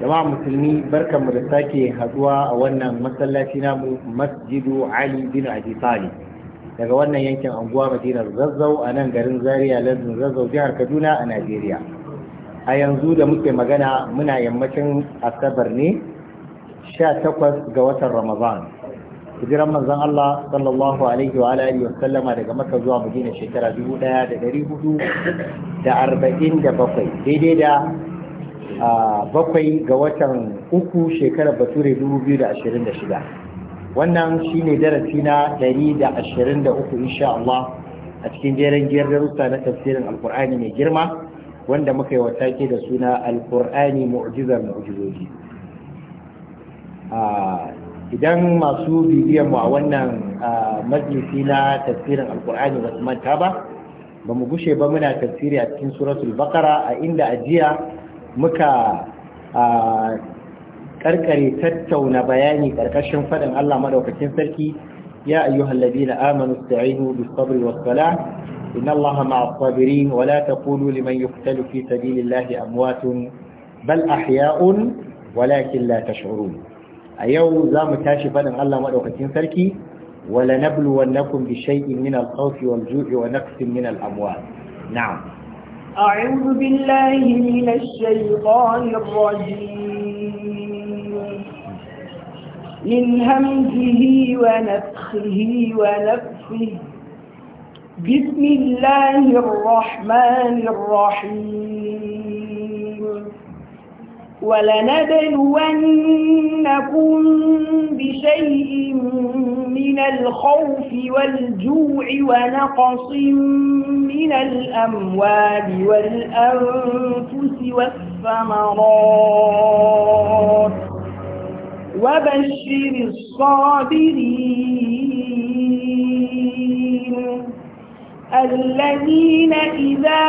jama'a musulmi mu da sake haduwa a wannan masallaci namu masjidu ali bin abi talib daga wannan yankin anguwa madinar zazzau a nan garin zaria lardin zazzau jihar kaduna a najeriya a yanzu da muke magana muna yammacin asabar ne 18 ga watan ramadan hijiran manzon Allah sallallahu alaihi wa alihi wa sallama daga Makka zuwa Madina shekara 1447 daidai da a bakwai ga watan uku shekarar bature 2026 wannan shine darasi na 123 insha Allah a cikin jerin jerin darussa na tafsirin alkur'ani mai girma wanda muka yi watake da suna alkur'ani mu'jizar mu'jizoji idan masu bibiyan mu a wannan majalisi na tafsirin alkur'ani ba su manta ba ba mu gushe ba muna tafsiri a cikin suratul bakara a inda ajiya muka karkare tattauna bayani karkashin faɗin Allah maɗaukacin sarki ya ayyuhan ladina amanu ista'inu bis sabri was salah inna Allaha ma'as sabirin wa la taqulu liman yuqtalu fi sabilillahi amwatun bal ahya'un walakin la tash'urun a yau zamu tashi faɗin Allah maɗaukacin sarki wala ولنبلونكم بشيء من الخوف والجوع ونقص من الأموال na'am. أعوذ بالله من الشيطان الرجيم من همزه ونفخه ونفخه بسم الله الرحمن الرحيم ولنبلونكم بشيء من الخوف والجوع ونقص من الأموال والأنفس والثمرات وبشر الصابرين الذين إذا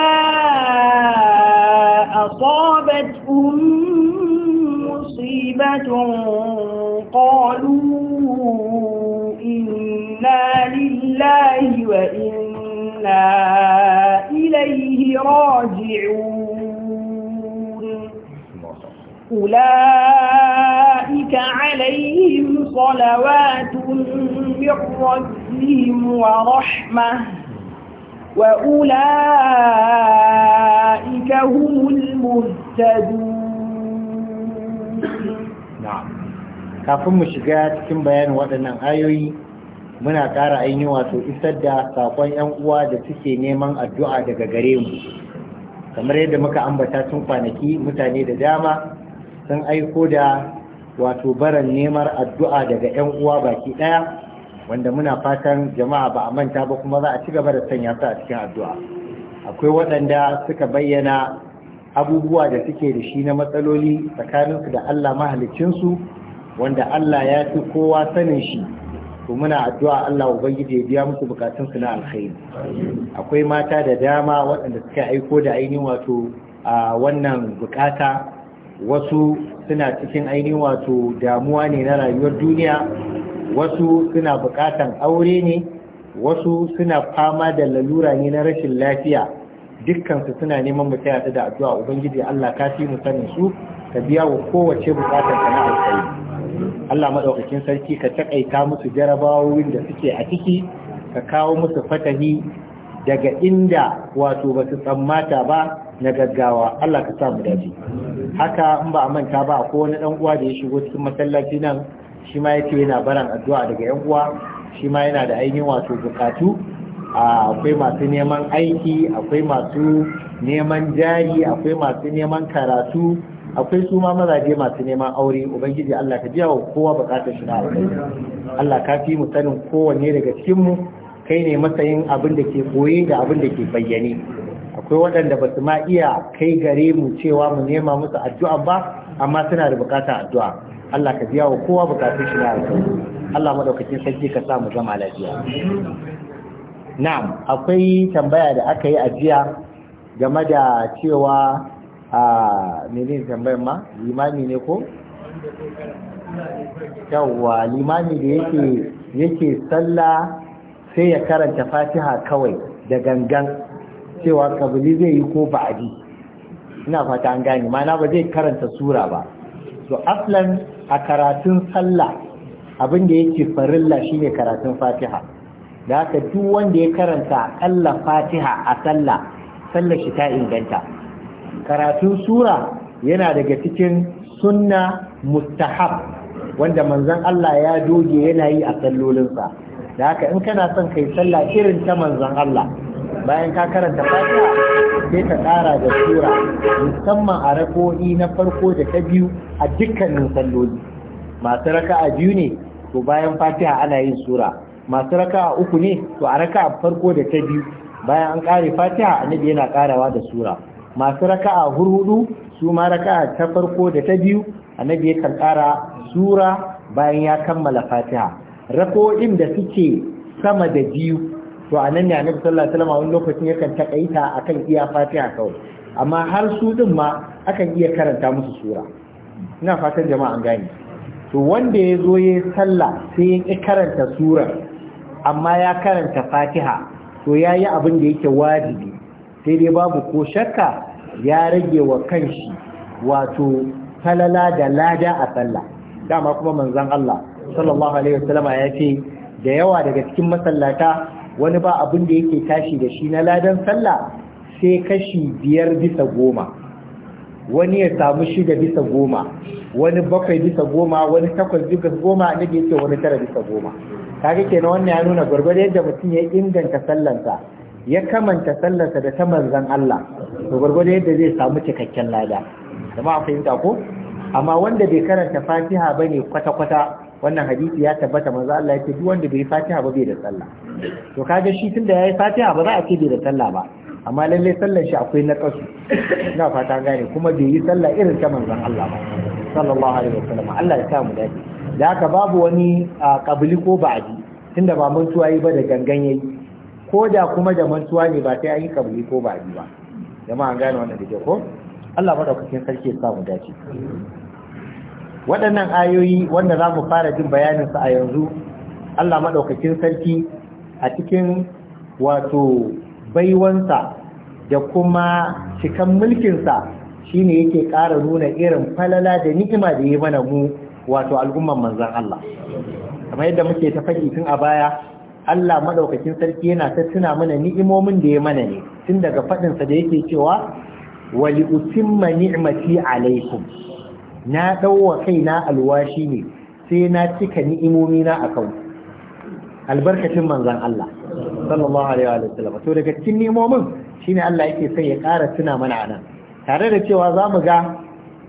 أصابتهم مصيبة قالوا إنا لله وإنا إليه راجعون أولئك عليهم صلوات من ربهم ورحمة وأولئك هم المهتدون kafin mu shiga cikin bayanin waɗannan ayoyi muna ƙara ainihin wato isar da saƙon 'yan uwa da suke neman addu'a daga gare mu kamar yadda muka ambata tun kwanaki mutane da dama sun aiko da wato baran neman addu'a daga 'yan uwa baki ɗaya wanda muna fatan jama'a ba a manta ba kuma za a ci gaba da sanya su a cikin addu'a akwai waɗanda suka bayyana abubuwa da suke da shi na matsaloli tsakaninsu da Allah mahalicinsu wanda Allah ya fi kowa sanin shi to muna addu'a Allah ubangiji ya biya musu bukatunsu na alkhairi akwai mata da dama waɗanda suka aiko da ainihin wato a wannan bukata wasu suna cikin ainihin wato damuwa ne na rayuwar duniya wasu suna bukatan aure ne wasu suna fama da lalura ne na rashin lafiya Dukkansu suna neman mu taya da addu'a ubangiji Allah ka fi mu sanin su ka biya wa kowace bukatar ka na alkhairi Allah madaukakin sarki ka takaita musu jarabawoyin da suke a ciki ka kawo musu fatahi daga inda wato ba su tsammata ba na gaggawa Allah ka sa mu dace haka in ba a manta ba ko wani dan uwa da ya shigo cikin masallaci nan shi ma yake yana baran addu'a daga yan uwa shi ma yana da ainihin wato bukatu akwai masu neman aiki akwai masu neman jari akwai masu neman karatu akwai su ma mazaje masu neman aure ubangiji Allah ka biya wa kowa bukatar shi na Allah ka fi mu sanin kowanne daga cikin mu kai ne matsayin abin da ke koyi da abin da ke bayyane akwai waɗanda ba su ma iya kai gare mu cewa mu nema musu addu'a ba amma suna da bukatar addu'a Allah ka biya wa kowa bukatar shi na Allah madaukakin sarki ka sa mu zama lafiya na'am akwai tambaya da aka yi a jiya game da cewa a mene tambayar ma limami ne ko yawwa limami da yake yake sallah sai ya karanta fatiha kawai da gangan cewa kabili zai yi ko ba'adi ina fata an gane mana ba zai karanta sura ba to aslan a karatun sallah abinda yake farilla ne karatun fatiha da haka duk wanda ya karanta aƙalla fatiha a sallah sallar shi ta inganta karatun sura yana daga cikin sunna mustahab wanda manzon Allah ya doge yana yi a sallolinsa da haka in kana son kai sallah irin ta manzon Allah bayan ka karanta fatiha sai ka ƙara da sura musamman a rako'i na farko da ta biyu a dukkanin salloli masu raka'a biyu ne to bayan fatiha ana yin sura masu raka'a uku ne to a raka'a farko da ta biyu bayan an kare fatiha annabi yana karawa da sura masu raka'a hurhudu su ma raka'a ta farko da ta biyu annabi ya kara sura bayan ya kammala fatiha rako'in da suke sama da biyu to a nan ne annabi sallallahu alaihi wasallam wani lokacin yakan takaita akan iya fatiha kawai amma har su din ma akan iya karanta musu sura ina fatan jama'a an gane to wanda ya zo ya sallah sai ya karanta surar. amma ya karanta fatiha to ya yi abin da yake wajibi sai dai babu ko shakka ya rage wa kanshi wato falala da lada a sallah dama kuma manzan Allah sallallahu alaihi wasallama ya ce da yawa daga cikin masallata wani ba abin da yake tashi da shi na ladan sallah sai kashi biyar bisa goma wani ya samu shida bisa goma wani bakwai bisa goma wani takwas bisa goma na yake wani tara bisa goma kaga kenan wannan ya nuna gwargwado da mutum ya inganta sallansa ya kamanta sallansa da ta manzan Allah to gwargwado yadda zai samu cikakken lada amma akwai fahimta ko amma wanda bai karanta fatiha ba ne kwata-kwata wannan hadisi ya tabbata manzo Allah yake duk wanda bai fatiha ba bai da sallah to kaga shi tunda yayi fatiha ba za a ce bai da sallah ba amma lalle sallar shi akwai na kasu ina fata gane kuma bai yi sallah irin ta manzon Allah ba sallallahu alaihi wasallam Allah ya sa mu dace da haka babu wani ƙabili ko ba'adi tunda ba mantuwa yi ba da gangan yi ko da kuma da mantuwa ne ba sai an yi ƙabili ko ba'adi ba jama'a an gane wannan da ke ko Allah madaukakin sarki ya samu dace waɗannan ayoyi wanda za mu fara jin bayanin su a yanzu Allah maɗaukakin sarki a cikin wato baiwansa da kuma cikan mulkinsa shine yake ƙara nuna irin falala da ni'ima da yi mana mu wato al'umman manzan Allah kamar yadda muke ta faɗi tun a baya Allah madaukakin sarki yana ta tuna mana ni'imomin da ya mana ne tun daga faɗinsa da yake cewa wali utimma ni'mati alaikum na ɗauwa na alwashi ne sai na cika ni'imomina a kan albarkacin manzan Allah sallallahu alaihi wa sallam to daga cikin ni'imomin shine Allah yake sai ya ƙara tuna mana anan tare da cewa za mu ga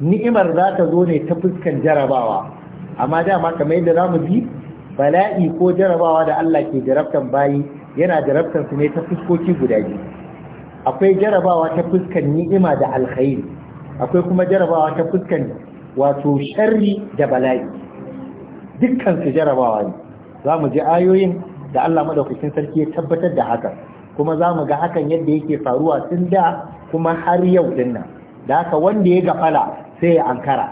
ni'imar za ta zo ne ta fuskan jarabawa amma dama kamar yadda za mu ji bala'i ko jarabawa da Allah ke jarabtan bayi yana jarabtan su ne ta fuskoki guda biyu akwai jarabawa ta fuskan ni'ima da alkhairi akwai kuma jarabawa ta fuskan wato sharri da bala'i dukkan su jarabawa ne za mu ji ayoyin da Allah madaukakin sarki ya tabbatar da hakan kuma za mu ga hakan yadda yake faruwa tun da kuma har yau dinnan da haka wanda ya gafala sai ya ankara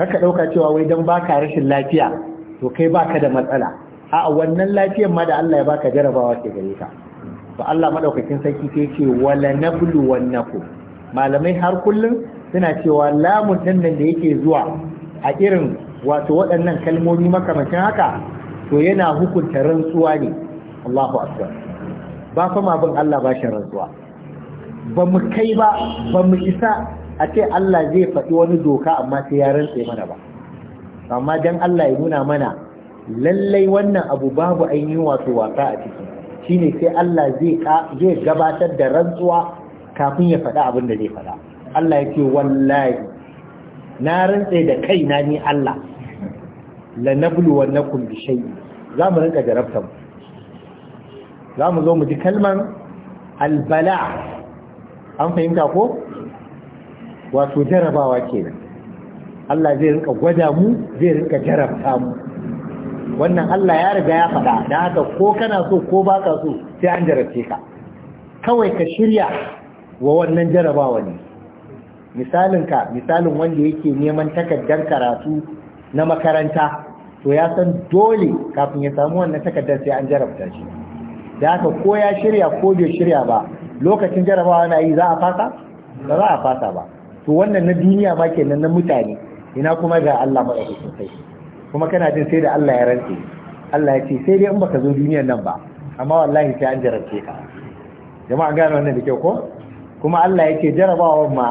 kaka ɗauka cewa wai don baka rashin lafiya to kai baka da matsala a wannan lafiyar ma da Allah ya baka jarabawa ke gare ka to Allah madaukakin sarki sai ce wala nablu wannakum malamai har kullum suna cewa lamun din nan da yake zuwa a irin wato waɗannan kalmomi makamancin haka to yana hukunta rantsuwa ne Allahu akbar ba fa ma bin Allah ba shi rantsuwa ba mu kai ba ba mu isa a ce Allah zai faɗi wani doka amma sai ya rantse mana ba amma dan Allah ya nuna mana lallai wannan abu babu ainihin wato wasa a ciki shine sai Allah zai gabatar da rantsuwa kafin ya faɗi abin da zai faɗa Allah ya ce wallahi na rantse da kaina ni Allah la nakum bi shay'in za mu rinka jarabta mu za mu zo mu ji kalman albala an fahimta ko wato jarabawa kenan Allah zai rinka gwada mu zai rinka jarabta mu wannan Allah ya riga ya faɗa da haka ko kana so ko baka so sai an jarabce ka kawai ka shirya wa wannan jarabawa ne misalin ka misalin wanda yake neman takardar karatu na makaranta to ya san dole kafin ya samu wannan takardar sai an jarabta shi da haka ko ya shirya ko bai shirya ba lokacin jarabawa na yi za a fasa ba za a fasa ba to wannan na duniya ma kenan na mutane ina kuma ga Allah madaukakin sai kuma kana jin sai da Allah ya rantse Allah ya ce sai dai in baka zo duniyar nan ba amma wallahi sai an jarabce ka jama'a gane wannan da kyau ko kuma Allah ya ce jarabawar ma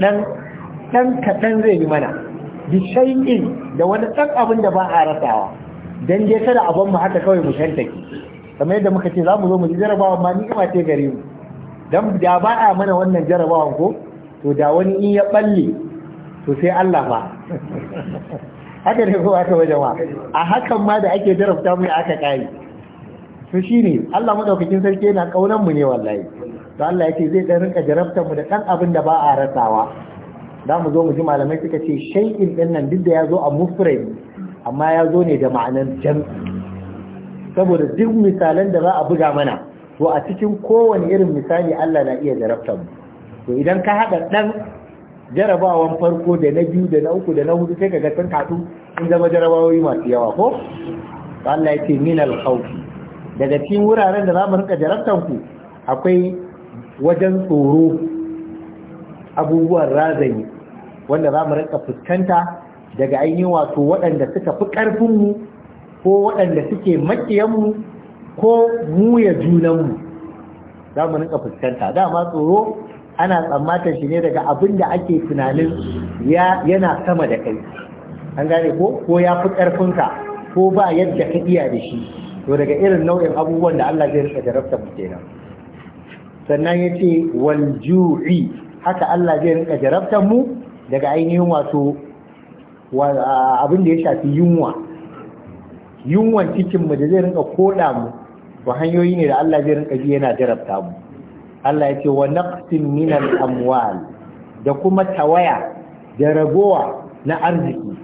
dan dan kaɗan zai yi mana bishayin da wani ɗan abin da ba a rasawa dan dai kada abin mu haka kawai mu shantake kamar yadda muka ce za mu zo mu ji jarabawa ma ni ni'ima ce gare mu dan da ba a mana wannan jarabawan ko to da wani in ya balle to sai Allah ba haka ne ko aka wajen wa a hakan ma da ake jarabta mu aka kai to shine Allah madaukakin sarki yana kaunar mu ne wallahi to Allah ce zai dan rinka jarabta mu da kan abin da ba a rasawa za mu zo mu ji malamai suka ce shaikin din nan duk da ya zo a mufrad amma ya zo ne da ma'anar jam'i saboda duk misalan da za a buga mana to a cikin kowane irin misali Allah na iya jarabta mu to idan ka haɗa ɗan jarabawan farko da na biyu da na uku da na hudu sai ka ga sun haɗu sun zama jarabawoyi masu yawa ko Allah ya ce min alkhawfi daga cikin wuraren da za mu rika jarabtan ku akwai wajen tsoro abubuwan razani wanda za mu rika fuskanta daga ainihin wato waɗanda suka fi mu ko waɗanda suke maƙiyanmu ko mu ya junanmu za mu rika fuskanta dama tsoro ana tsammatar shi ne daga abin da ake tunanin yana sama da kai an gane ko ko ya fi ƙarfinka ko ba yadda ka iya da shi to daga irin nau'in abubuwan da Allah zai rika jarabta mu kenan sannan ya ce wal ju'i haka Allah zai rika jarabta mu daga ainihin wato abin da ya shafi yunwa yunwan cikin mu da zai rika koda mu ba hanyoyi ne da Allah zai rinka bi yana jarabta mu Allah ya ce wa naqsin min al-amwal da kuma tawaya da ragowa na arziki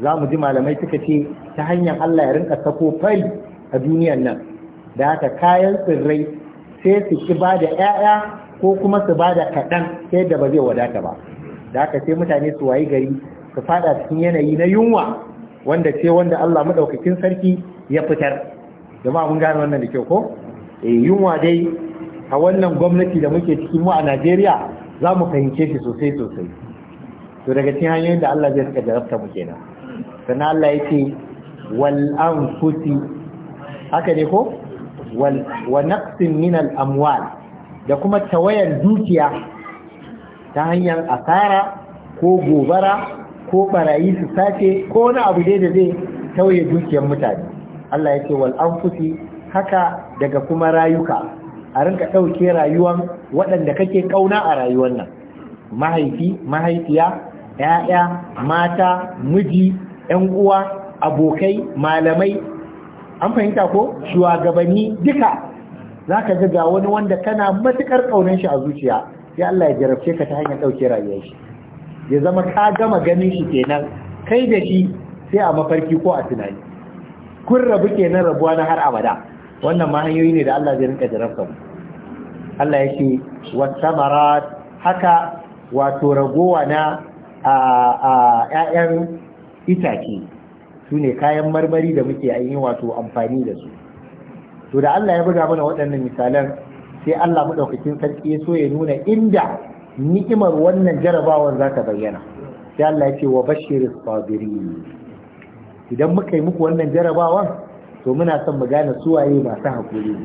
za mu ji malamai suka ce ta hanyar Allah ya rinka sako fari a duniyar nan da haka kayan tsirrai sai su ki ba da 'ya'ya ko kuma su bada da kaɗan sai da ba zai wadata ba da haka sai mutane su wayi gari su fada cikin yanayi na yunwa wanda ce wanda Allah maɗaukakin sarki ya fitar jama'a mun gane wannan da kyau ko eh yunwa dai a wannan gwamnati da muke ciki mu a Najeriya za mu fahimce shi sosai sosai to daga cikin hanyoyin da Allah zai saka jarabta mu kenan sannan Allah yake wal anfusi haka ne ko wal wa naqsin min al amwal da kuma tawayan dukiya ta hanyar asara ko gobara ko barayi su sace ko wani abu dai da zai tauye dukiyar mutane Allah yake wal anfusi haka daga kuma rayuka a rinka ɗauke rayuwan waɗanda kake ƙauna a rayuwan nan mahaifi mahaifiya ‘ya'ya mata miji ‘yan uwa abokai malamai an fahimta ko shugabanni duka za ka ga wani wanda kana matuƙar ƙaunar shi a zuciya sai Allah ya jarabce ka ta hanyar ɗauke rayuwar shi ya zama ka gama ganin shi kenan kai da shi sai a mafarki ko a tunani kun rabu kenan rabuwa na har abada wannan ma hanyoyi ne da Allah zai rinka jarabta mu Allah yake wasamarat haka wato ragowa na a ƴaƴan itace su ne kayan marmari da muke yi wato amfani da su to da Allah ya buga mana waɗannan misalan sai Allah maɗaukakin sarki ya so ya nuna inda ni'imar wannan jarabawar za ta bayyana sai Allah ya ce wa bashir sabiri idan muka yi muku wannan jarabawar to muna son mu gane suwaye masu haƙuri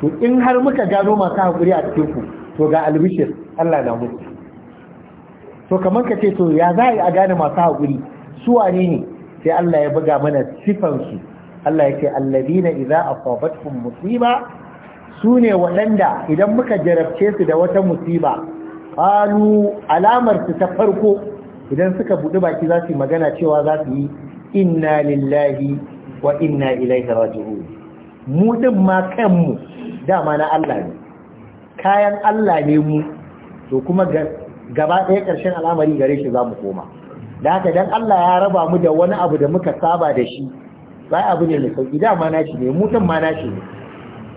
to in har muka gano masu haƙuri a cikin ku to ga albishir Allah na mutu to kamar ka ce to ya za a gane masu haƙuri suwane ne sai Allah ya buga mana sifansu Allah ya ce alladina idza asabatkum musiba sune waɗanda idan muka jarabce su da wata musiba qalu alamar su ta farko idan suka buɗi baki za su magana cewa za su yi inna lillahi wa inna ilaihi raji'un mu din ma kanmu dama na Allah ne kayan Allah ne mu to kuma gaba ɗaya ƙarshen al'amari gare shi za mu koma da haka dan Allah ya raba mu da wani abu da muka saba da shi sai abu ne mai sauki dama na shi ne mu din ma na shi ne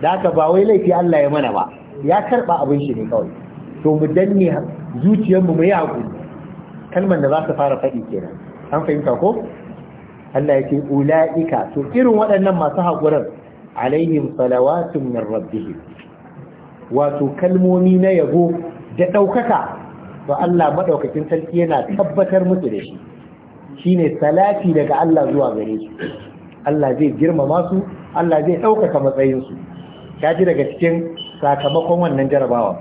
da haka ba wai laifi Allah ya mana ba ya karba abin shi ne kawai to mu danne zuciyarmu mu yi hakuri kalmar da za su fara faɗi kenan an fahimta ko Allah yake ula'ika to irin waɗannan masu haƙurin alaihim salawatun min rabbihi wato kalmomi na yabo da ɗaukaka to Allah maɗaukakin sarki yana tabbatar musu da shi shine salati daga Allah zuwa gare su Allah zai girmama su Allah zai ɗaukaka matsayin su, kaji daga cikin sakamakon wannan jarabawa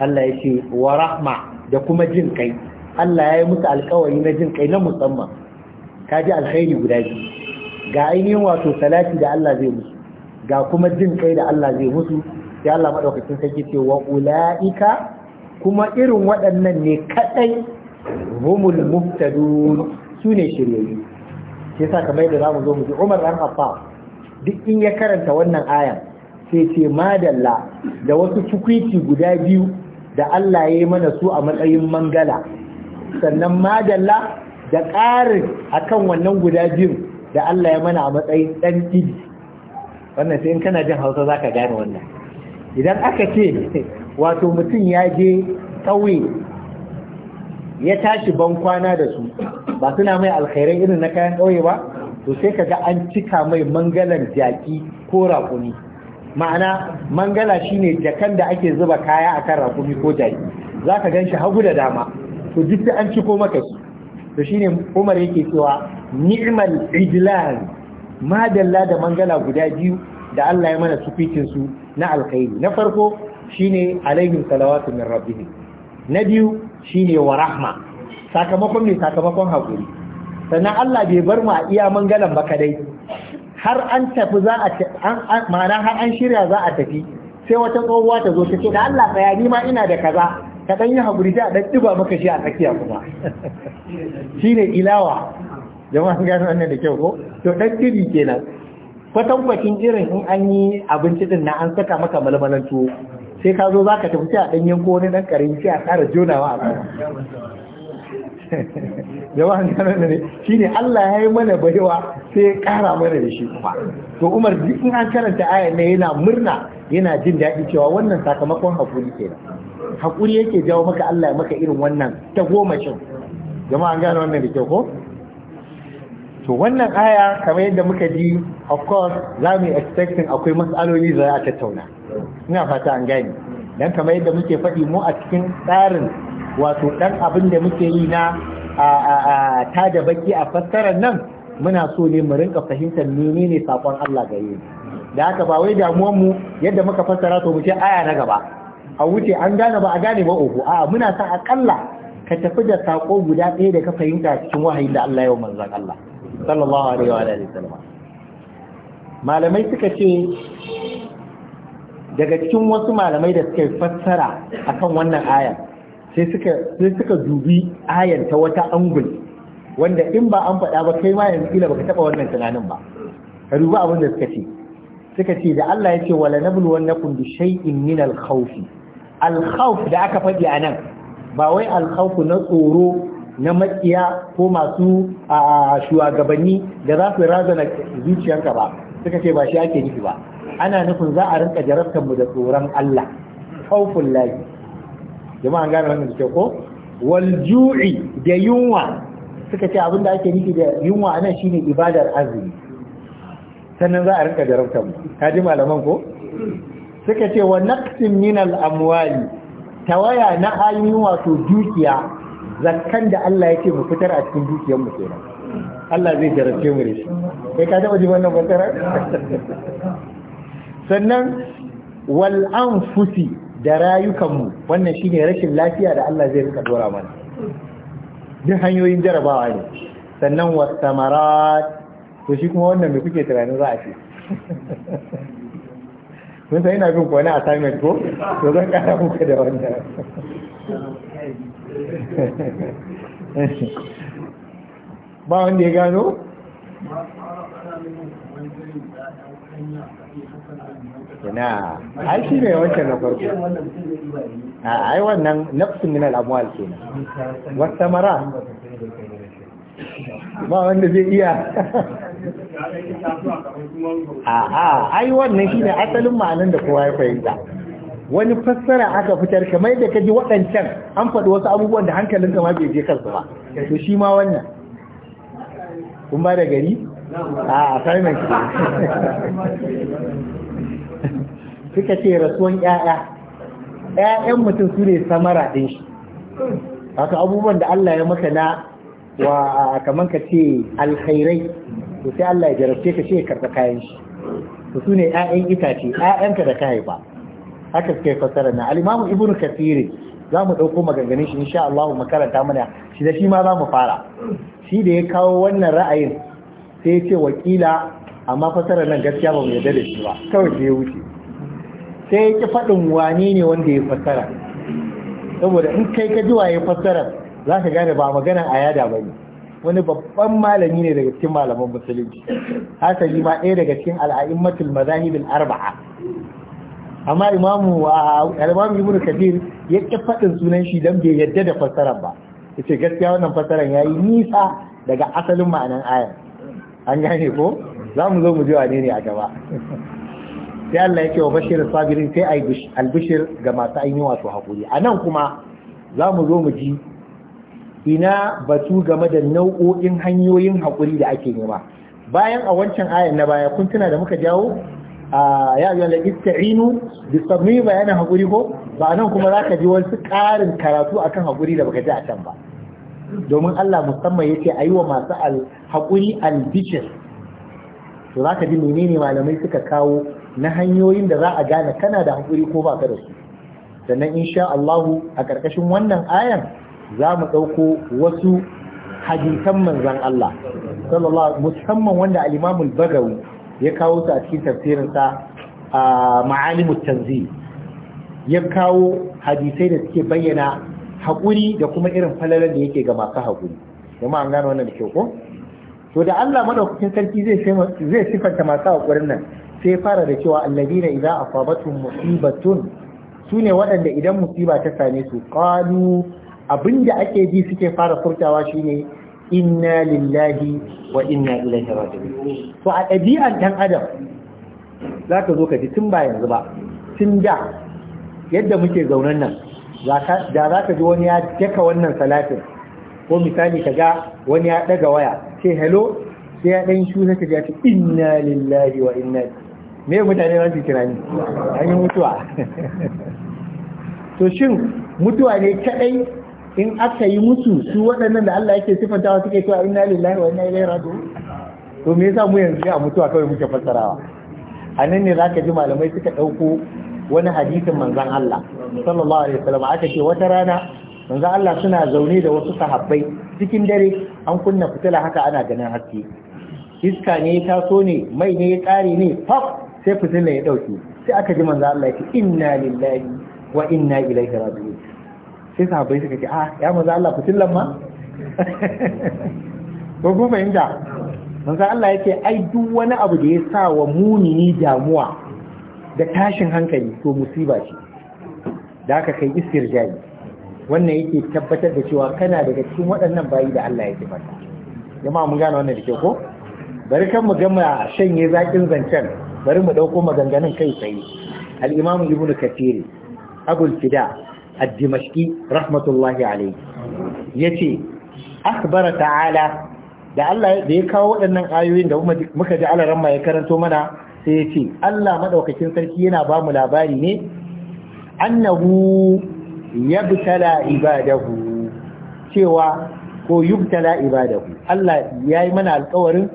Allah ya ce wa rahma da kuma jin kai Allah ya yi musu alkawari na jin kai na musamman ka ji alkhairi guda biyu ga ainihin wato salati da Allah zai musu ga kuma jin kai da Allah zai musu sai Allah madaukakin sarki ce wa ulaika kuma irin waɗannan ne kadai humul muftadun su ne shiryayyu sai sa kamar da zamu zo mu ji Umar dan Affa duk in ya karanta wannan ayan sai ce madalla da wasu tukwiti guda biyu da Allah ya yi mana su a matsayin mangala sannan madalla da ƙarin akan wannan guda biyu da Allah ya mana a matsayin ɗan ɗili wannan sai in kana jin hausa za ka gane wannan idan aka ce wato mutum ya je ƙauye ya tashi ban kwana da su ba suna mai alkhairai irin na kayan ƙauye ba to sai ka ga an cika mai mangalan jaki ko rakumi ma'ana mangala shine jakan da ake zuba kaya akan rakumi ko jaki za ka gan shi hagu da dama to duk da an ciko maka shi. to shine Umar yake cewa ni'mal ma dalla da mangala guda biyu da Allah ya mana suficin su na alkhairi na farko shine alaihim salawatu min rabbihim na biyu shine wa rahma sakamakon ne sakamakon hakuri sannan Allah bai bar mu a iya mangalan ba kadai har an tafi za a ma'ana har an shirya za a tafi sai wata tsohuwa ta zo ta ce da Allah tsaya ni ma ina da kaza ka yi haƙuri ta a dan ɗiba maka shi a tsakiya kuma shi ne ilawa jama'a gano wannan da kyau ko to dan ɗiri kenan kwatankwacin irin in an yi abinci din na an saka maka malmalan tuwo sai ka zo za ka tafi a ɗan yanko wani ɗan ƙarami shi a ƙara jonawa a sama jama'a gano ne shi ne Allah ya yi mana baiwa sai ya ƙara mana da shi kuma to Umar duk in an karanta ayar ne yana murna yana jin daɗi cewa wannan sakamakon haƙuri kenan Hakuri yake jawo maka Allah maka irin wannan ta goma shi jama'a an gane wannan da kyau ko to wannan aya kamar yadda muka ji of course za mu expecting akwai matsaloli za a tattauna ina fata an gane dan kamar yadda muke faɗi mu a cikin tsarin wato ɗan abin da muke yi na a ta da baki a fassarar nan muna so ne mu rinka fahimtar menene sakon Allah gare mu da haka ba wai damuwar mu yadda muka fassara to mu ce aya na gaba a wuce an gane ba a gane ba uku a muna sa akalla ka tafi da sako guda ɗaya da ka fahimta cikin wahayin da Allah ya wa manzon Allah sallallahu alaihi wa alihi sallama malamai suka ce daga cikin wasu malamai da suka fassara akan wannan ayar sai suka sai suka dubi ayar ta wata angul wanda in ba an faɗa ba kai ma yanzu kila baka taɓa wannan tunanin ba ka duba abin da suka ce suka ce da Allah ya ce wala nabluwannakum bi shay'in min al-khawfi alkhawf da aka faɗi a nan ba wai alkhawf na tsoro na matsiya, ko masu shugabanni da za su razana zuciyarka ba suka ce ba shi ake nufi ba ana nufin za a rinka jarabtar mu da tsoron Allah khawful lahi jama'a gane wannan da ko wal ju'i da yunwa suka ce abin da ake nufi da yunwa anan shine ibadar azumi sannan za a rinka jarabtar mu ka ji malaman ko suka ce wa naqsin min al-amwali tawaya na ainihin wato dukiya zakkan da Allah yake mu fitar a cikin dukiyar mu kenan Allah zai jarabce mu da kai ka taba ji wannan fasara sannan wal anfusi da rayukan mu wannan shine rashin lafiya da Allah zai rika dora mana duk hanyoyin jarabawa ne sannan was samarat to shi kuma wannan me kuke tunanin za a ce sun san ina bin ku wani assignment ko to zan kara muku da wannan ba wanda ya gano na ai shi ne wancan na farko a ai wannan nafsin min al-amwal kenan wata mara ba wanda zai iya a'a ai wannan shine asalin ma'anin da kowa ya fahimta wani fassara aka fitar kamar yadda ka ji waɗancan an faɗi wasu abubuwan da hankalin ma bai je kansu ba to shi ma wannan kun ba da gari a shi. suka ce rasuwan 'ya'ya, 'ya'yan mutum su ne samara ɗin shi haka abubuwan da Allah ya maka na wa kamar ka ce alkhairai to sai Allah ya jarabce ka shi ya karɓa kayan shi to sune ‘ya'yan itace ‘ya'yanka da ka haifa haka suke fassara na alimamu ibnu kasiri za mu ɗauko maganganun shi insha Allah mu karanta mana shi da shi ma za mu fara shi da ya kawo wannan ra'ayin sai ya ce wakila amma fassara nan gaskiya ba mu yarda da shi ba kawai sai ya wuce sai ya ki faɗin wane ne wanda ya fassara saboda in kai ka ji waye fassara za ka gane ba magana a yada ba wani babban malami ne daga cikin malaman musulunci shi ma ɗaya daga cikin al'a'immatul mazahibin arba'a amma imamu al-imamu ibn kabir ya ƙi faɗin sunan shi don bai yadda da fassarar ba ce gaskiya wannan fassarar yi nisa daga asalin ma'anan ayar an gane ko za mu zo mu ji wane ne a gaba sai Allah ya ke wa bashir sabirin sai ai albishir ga masu ainihin haƙuri. A nan kuma za mu zo mu ji ina batu game da nau'o'in hanyoyin haƙuri da ake nema bayan a wancan ayan na baya kun tuna da muka jawo a ya yi ita ista'inu da sami bayanan haƙuri ko ba nan kuma za ka ji wasu ƙarin karatu akan haƙuri da baka ji a can ba domin Allah musamman a yi wa masu haƙuri albishir to ka ji menene malamai suka kawo na hanyoyin da za a gane kana da haƙuri ko ba ka da su sannan insha allahu a ƙarƙashin wannan ayan za mu ɗauko wasu hadisan manzan Allah sallallahu musamman wanda al Bagawi ya kawo su a cikin tafsirinsa a Ma'alimut ya kawo hadisai da suke bayyana haƙuri da kuma irin falalar da yake ga masu haƙuri jama'a an gano wannan da ko to da Allah madaukakin sarki zai zai sifanta masu haƙurin nan sai fara da cewa alladina idza asabatuhum musibatun sune waɗanda idan musiba ta same su qalu abinda ake ji suke fara furtawa shine inna lillahi wa inna ilaihi raji'un to a ɗabi'ar dan adam ka zo ka ji tun ba yanzu ba tun da yadda muke zaunan nan da za ka ji wani ya daka wannan salatin ko misali ka ga wani ya ɗaga waya ce hello sai ya ɗan shu sai ya ce inna lillahi wa inna me mutane ba su tunani an yi mutuwa to shin mutuwa ne kaɗai in aka yi mutu su waɗannan da Allah yake sifantawa suke cewa inna lillahi wa inna ilaihi raji'un to me yasa mu yanzu a mutuwa kawai muke fassarawa a nan ne zaka ji malamai suka ɗauko wani hadisin manzon Allah sallallahu alaihi wasallam aka ce wata rana manzon Allah suna zaune da wasu sahabbai cikin dare an kunna fitila haka ana ganin haske iska ne ya taso ne mai ne ya kare ne faf sai fitila ya ɗauke sai aka ji manzon Allah ya ce inna lillahi wa inna ilaihi raji'un sai sahabai suka ce a ah, ya maza Allah fitillan ma ko kuma fahimta maza Allah yake ai duk wani abu da ya sa wa ni damuwa da tashin hankali to musiba ce da aka kai jari wannan yake tabbatar da cewa kana daga cikin waɗannan bayi da Allah yake mata jama'a mun gane wannan da ke ko bari kan mu gama shanye zakin zancen bari mu ɗauko maganganun kai tsaye al ibnu kafiri abul fida ad-dimashqi rahmatullahi alayhi yace akhbara ta'ala da Allah da ya kawo waɗannan ayoyin da muka ji alaran ya karanto mana sai ya ce Allah maɗaukacin sarki yana ba mu labari ne annahu yabtala ibadahu cewa ko yubtala ibadahu Allah yayi mana alƙawarin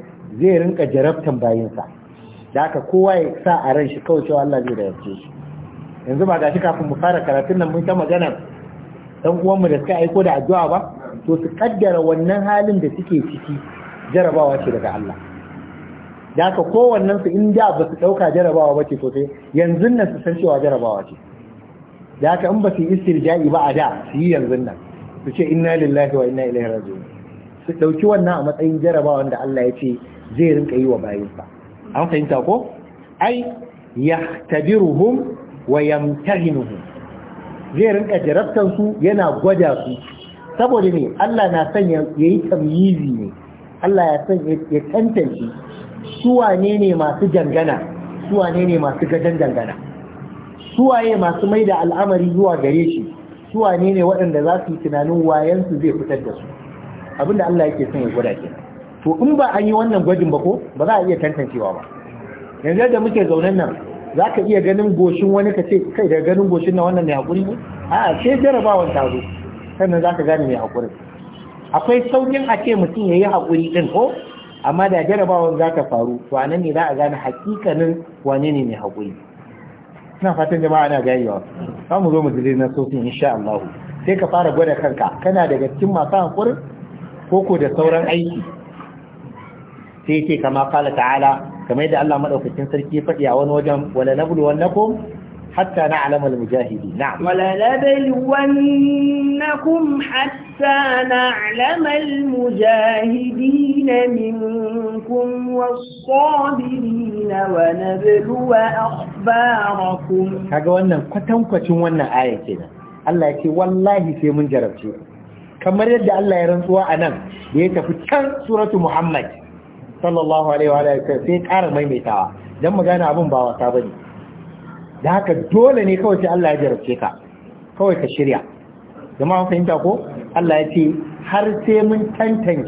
zai rinka jarabtan bayinsa da aka kowa ya sa a ran shi kawai cewa Allah zai da yarce shi yanzu ba gashi kafin mu fara karatun nan mun ta magana dan mu da suka aiko da addu'a ba to su kaddara wannan halin da suke ciki jarabawa ce daga Allah da ko kowannen su in da ba su dauka jarabawa ba ce sosai yanzu nan su san cewa jarabawa ce da ka in ba su yi istirja'i ba a da su yi yanzu nan su ce inna lillahi wa inna ilaihi raji'un su dauki wannan a matsayin jarabawa da Allah ya ce zai rinka yi wa bayinsa an fahimta ko ai yahtabiruhum wa yamtahinuhu zai rinka jarabtan su yana gwada su saboda ne Allah na san ya yi tamyizi ne Allah ya san ya tantance su wane ne masu dangana su wane ne masu gadan dangana su waye masu mai da al'amari zuwa gare shi su wane ne waɗanda za su yi tunanin wayansu zai fitar da su abinda Allah yake son ya gwada ke to in ba an yi wannan gwajin ba ko ba za a iya tantancewa ba yanzu da muke zaunan nan za ka iya ganin goshin wani ka ce kai da ganin goshin na wannan mai haƙuri ne a ce jarabawan ta sannan za ka gane mai haƙuri akwai saukin a ce mutum ya yi haƙuri ɗin ko amma da jarabawan za ka faru to anan ne za a gane hakikanin wane ne mai haƙuri ina fatan jama'a ana ganewa za mu zo mu jire na sosin insha Allah sai ka fara gwada kanka kana daga cikin masu haƙurin ko ko da sauran aiki sai ce kama kala ta'ala kamar yadda Allah madaukakin sarki ya faɗi a wani wajen wala nablu wannakum حتى نعلم المجاهدين نعم ولنبلونكم حتى نعلم المجاهدين منكم والصابرين ونبلو أخباركم kaga wannan kwatankwacin wannan aya kenan Allah ya ce wallahi sai mun jarabce kamar yadda Allah ya rantsuwa anan da ya tafi can suratu Muhammad sallallahu alaihi wa sallam sai ƙara maimaitawa dan mu gane abin ba wasa bane da haka dole ne kawai sai Allah ya jarabce ka kawai ka shirya fahimta ko Allah ya ce har sai mun tantance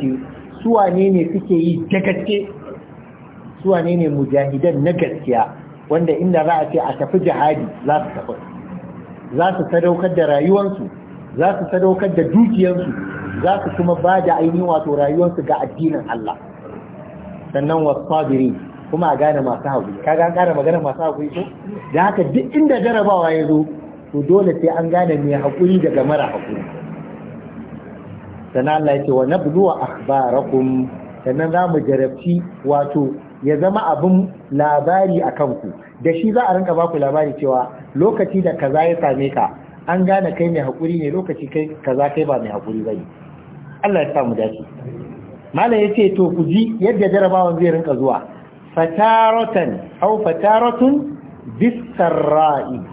su wane ne suke yi da gaske su wane ne mujahidan na gaskiya wanda inda za a ce a tafi jihadi za su tafi za su sadaukar da rayuwarsu za su sadaukar da dukiyarsu za su kuma ba da ainihin wato rayuwarsu ga addinin Allah sannan wasabiri kuma a gane masu haƙuri kaga an gane magana masu haƙuri ko da haka duk inda jarabawa ya zo to dole sai an gane mai haƙuri daga mara haƙuri sannan Allah ya ce wa wa akhbarakum sannan za mu jarabci wato ya zama abin labari a kanku da shi za a rinka baku labari cewa lokaci da kaza ya same ka an gane kai mai haƙuri ne lokaci kai kaza kai ba mai haƙuri bane Allah ya sa mu dace malam ya ce to ku ji yadda jarabawan zai rinka zuwa fataratan au fataratun bisarra'i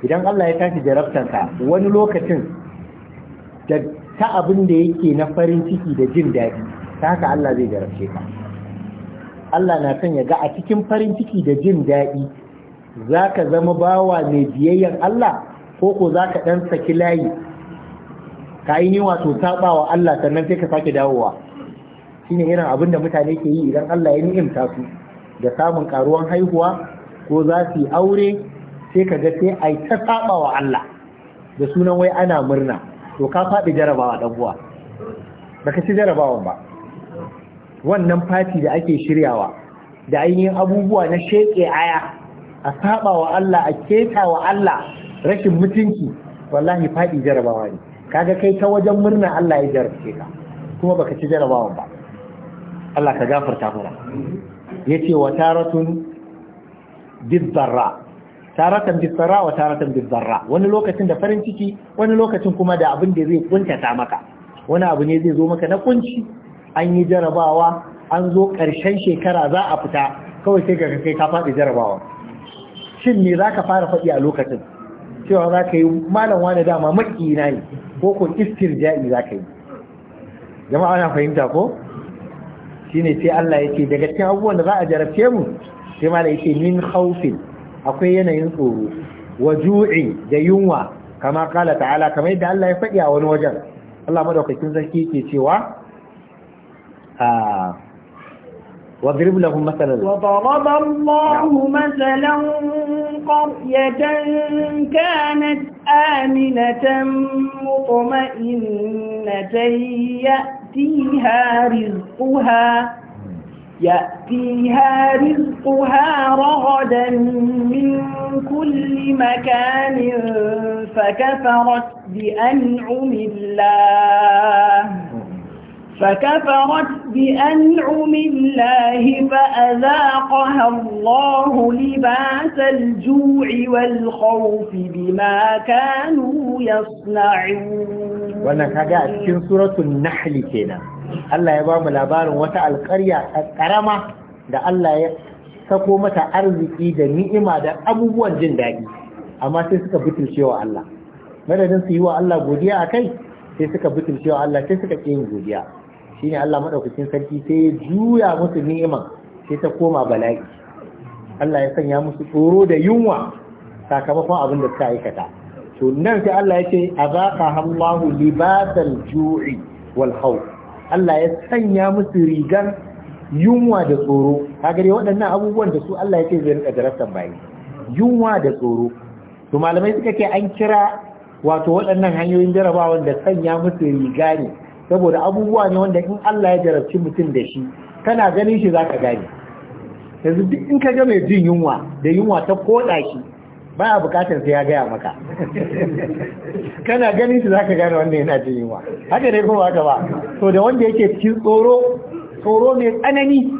idan Allah ya tashi jarabtanka wani lokacin da ta abin da yake na farin ciki da jin daɗi ta haka Allah zai jarabce ka Allah na son ya ga a cikin farin ciki da jin daɗi za ka zama bawa mai biyayyen Allah ko ko za ka ɗan saki layi ka yi wato saba wa Allah sannan sai ka sake dawowa shine irin abin da mutane ke yi idan Allah ya ni'imta su da samun karuwan haihuwa ko za su yi aure sai ka ga sai yi ta saba wa Allah da sunan wai ana murna to ka faɗi jarabawa buwa, uwa baka ci jarabawa ba wannan fati da ake shiryawa da ainihin abubuwa na sheƙe aya a saba wa Allah a keta wa Allah rashin mutunci wallahi faɗi jarabawa ne kaga kai ta wajen murna Allah ya jarabce ka kuma baka ci jarabawan ba Allah ka gafarta mana yace wa taratun bidarra taratan bidarra wa taratan bidarra wani lokacin da farin ciki wani lokacin kuma da abin da zai kuntata maka wani abu ne zai zo maka na kunci an yi jarabawa an zo ƙarshen shekara za a fita kawai sai ga kai ka faɗi jarabawa shin me zaka fara faɗi a lokacin cewa za ka yi malam wani dama na ne ko ko ja'i za ka yi jama'a na fahimta ko Shi ne sai Allah yace daga cikin abubuwan da za a jarabce mu sai ma da ce min khawfin akwai yanayin tsoro wa ju'i da yunwa kama kala ta'ala kamar yadda Allah ya faɗi a wani wajen Allah madaukakin sarki ke cewa ah, واضرب لهم مثلا وضرب الله مثلا قرية كانت آمنة مطمئنة يأتيها رزقها يأتيها رزقها رغدا من كل مكان فكفرت بأنعم الله فكفرت بأنعم الله فأذاقها الله لباس الجوع والخوف بما كانوا يصنعون wannan kaga a cikin suratul nahl kenan Allah ya ba mu labarin wata alƙarya karama da Allah ya sako mata arziki da ni'ima da abubuwan jin daɗi amma sai suka butulcewa Allah madadin su yi wa Allah godiya akai sai suka butulcewa Allah sai suka ƙi yin godiya ne Allah madaukakin sarki sai ya juya musu nema sai ta koma bala'i Allah ya sanya musu tsoro da yunwa sakamakon abin da suka aikata to nan sai Allah ya ce a azaka Allahu libasal ju'i wal hau. Allah ya sanya musu rigar yunwa da tsoro Ta dai waɗannan abubuwan da su Allah ya ce zai rika darasar bayi yunwa da tsoro to malamai suka ce an kira wato waɗannan hanyoyin jarabawan da sanya musu riga ne saboda abubuwa ne wanda in Allah ya jarabci mutum da shi kana ganin shi zaka gane yanzu duk in ka ga mai jin yunwa da yunwa ta koda shi baya bukatar sai ya gaya maka kana ganin shi zaka gane wanda yana jin yunwa haka ne kuma haka ba to da wanda yake cikin tsoro tsoro mai tsanani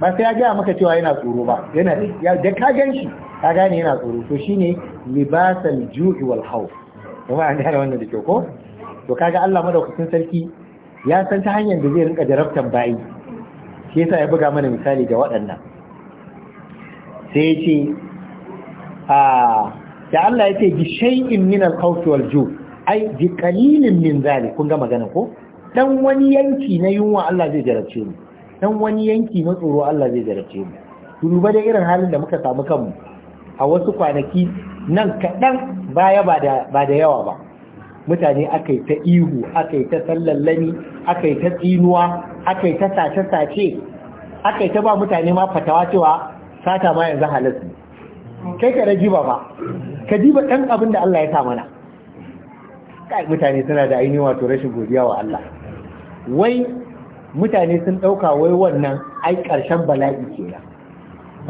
ba sai ya gaya maka cewa yana tsoro ba yana da ka gan shi ka gane yana tsoro to shine libasal ju'i wal khawf kuma an gane wannan da kyau ko to kaga Allah madaukakin sarki ya san ta hanyar da zai rinka jarabtan bayi shi yasa ya buga mana misali da waɗannan sai ce a da Allah ya ce bi shay'in min al-khawf wal ju' ai bi qalilin min zalik kun ga magana ko dan wani yanki na yunwa Allah zai jarabce mu dan wani yanki na tsoro Allah zai jarabce mu duba da irin halin da muka samu kanmu a wasu kwanaki nan kaɗan baya ba da yawa ba mutane aka yi ta ihu aka yi ta sallallani aka yi ta tsinuwa aka yi ta sace-sace aka yi ta ba mutane ma fatawa cewa sata ma yanzu halittu kai ka raji ba ka jiba ɗan abin da Allah ya sa mana kai mutane suna da ainihin wato rashin godiya wa Allah wai mutane sun ɗauka wai wannan ai ƙarshen bala'i kenan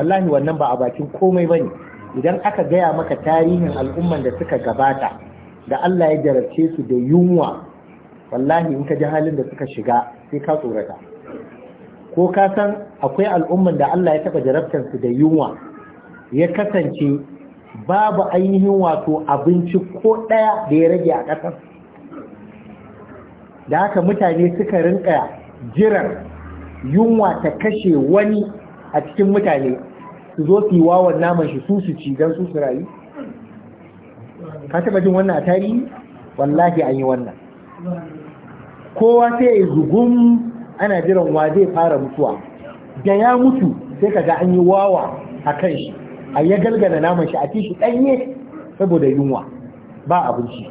wallahi wannan ba a bakin komai ba ne. idan aka gaya maka tarihin al'umman da suka gabata da Allah ya jarabce su da yunwa wallahi in ka ji halin da suka shiga sai ka tsorata ko ka san akwai al'umman da Allah ya taba jarabtar su da yunwa ya kasance babu ainihin wato abinci ko ɗaya da ya rage a ƙasar da haka mutane suka rinka jiran yunwa ta kashe wani a cikin mutane su zo su yi wawan naman shi su su ci don su su rayu ka taba jin wannan a tarihi wallahi an yi wannan kowa sai ya zugun ana jiran wa zai fara mutuwa da ya mutu sai kaga an yi wawa a kan shi a ya galgana naman shi a ci shi ɗanye saboda yunwa ba abinci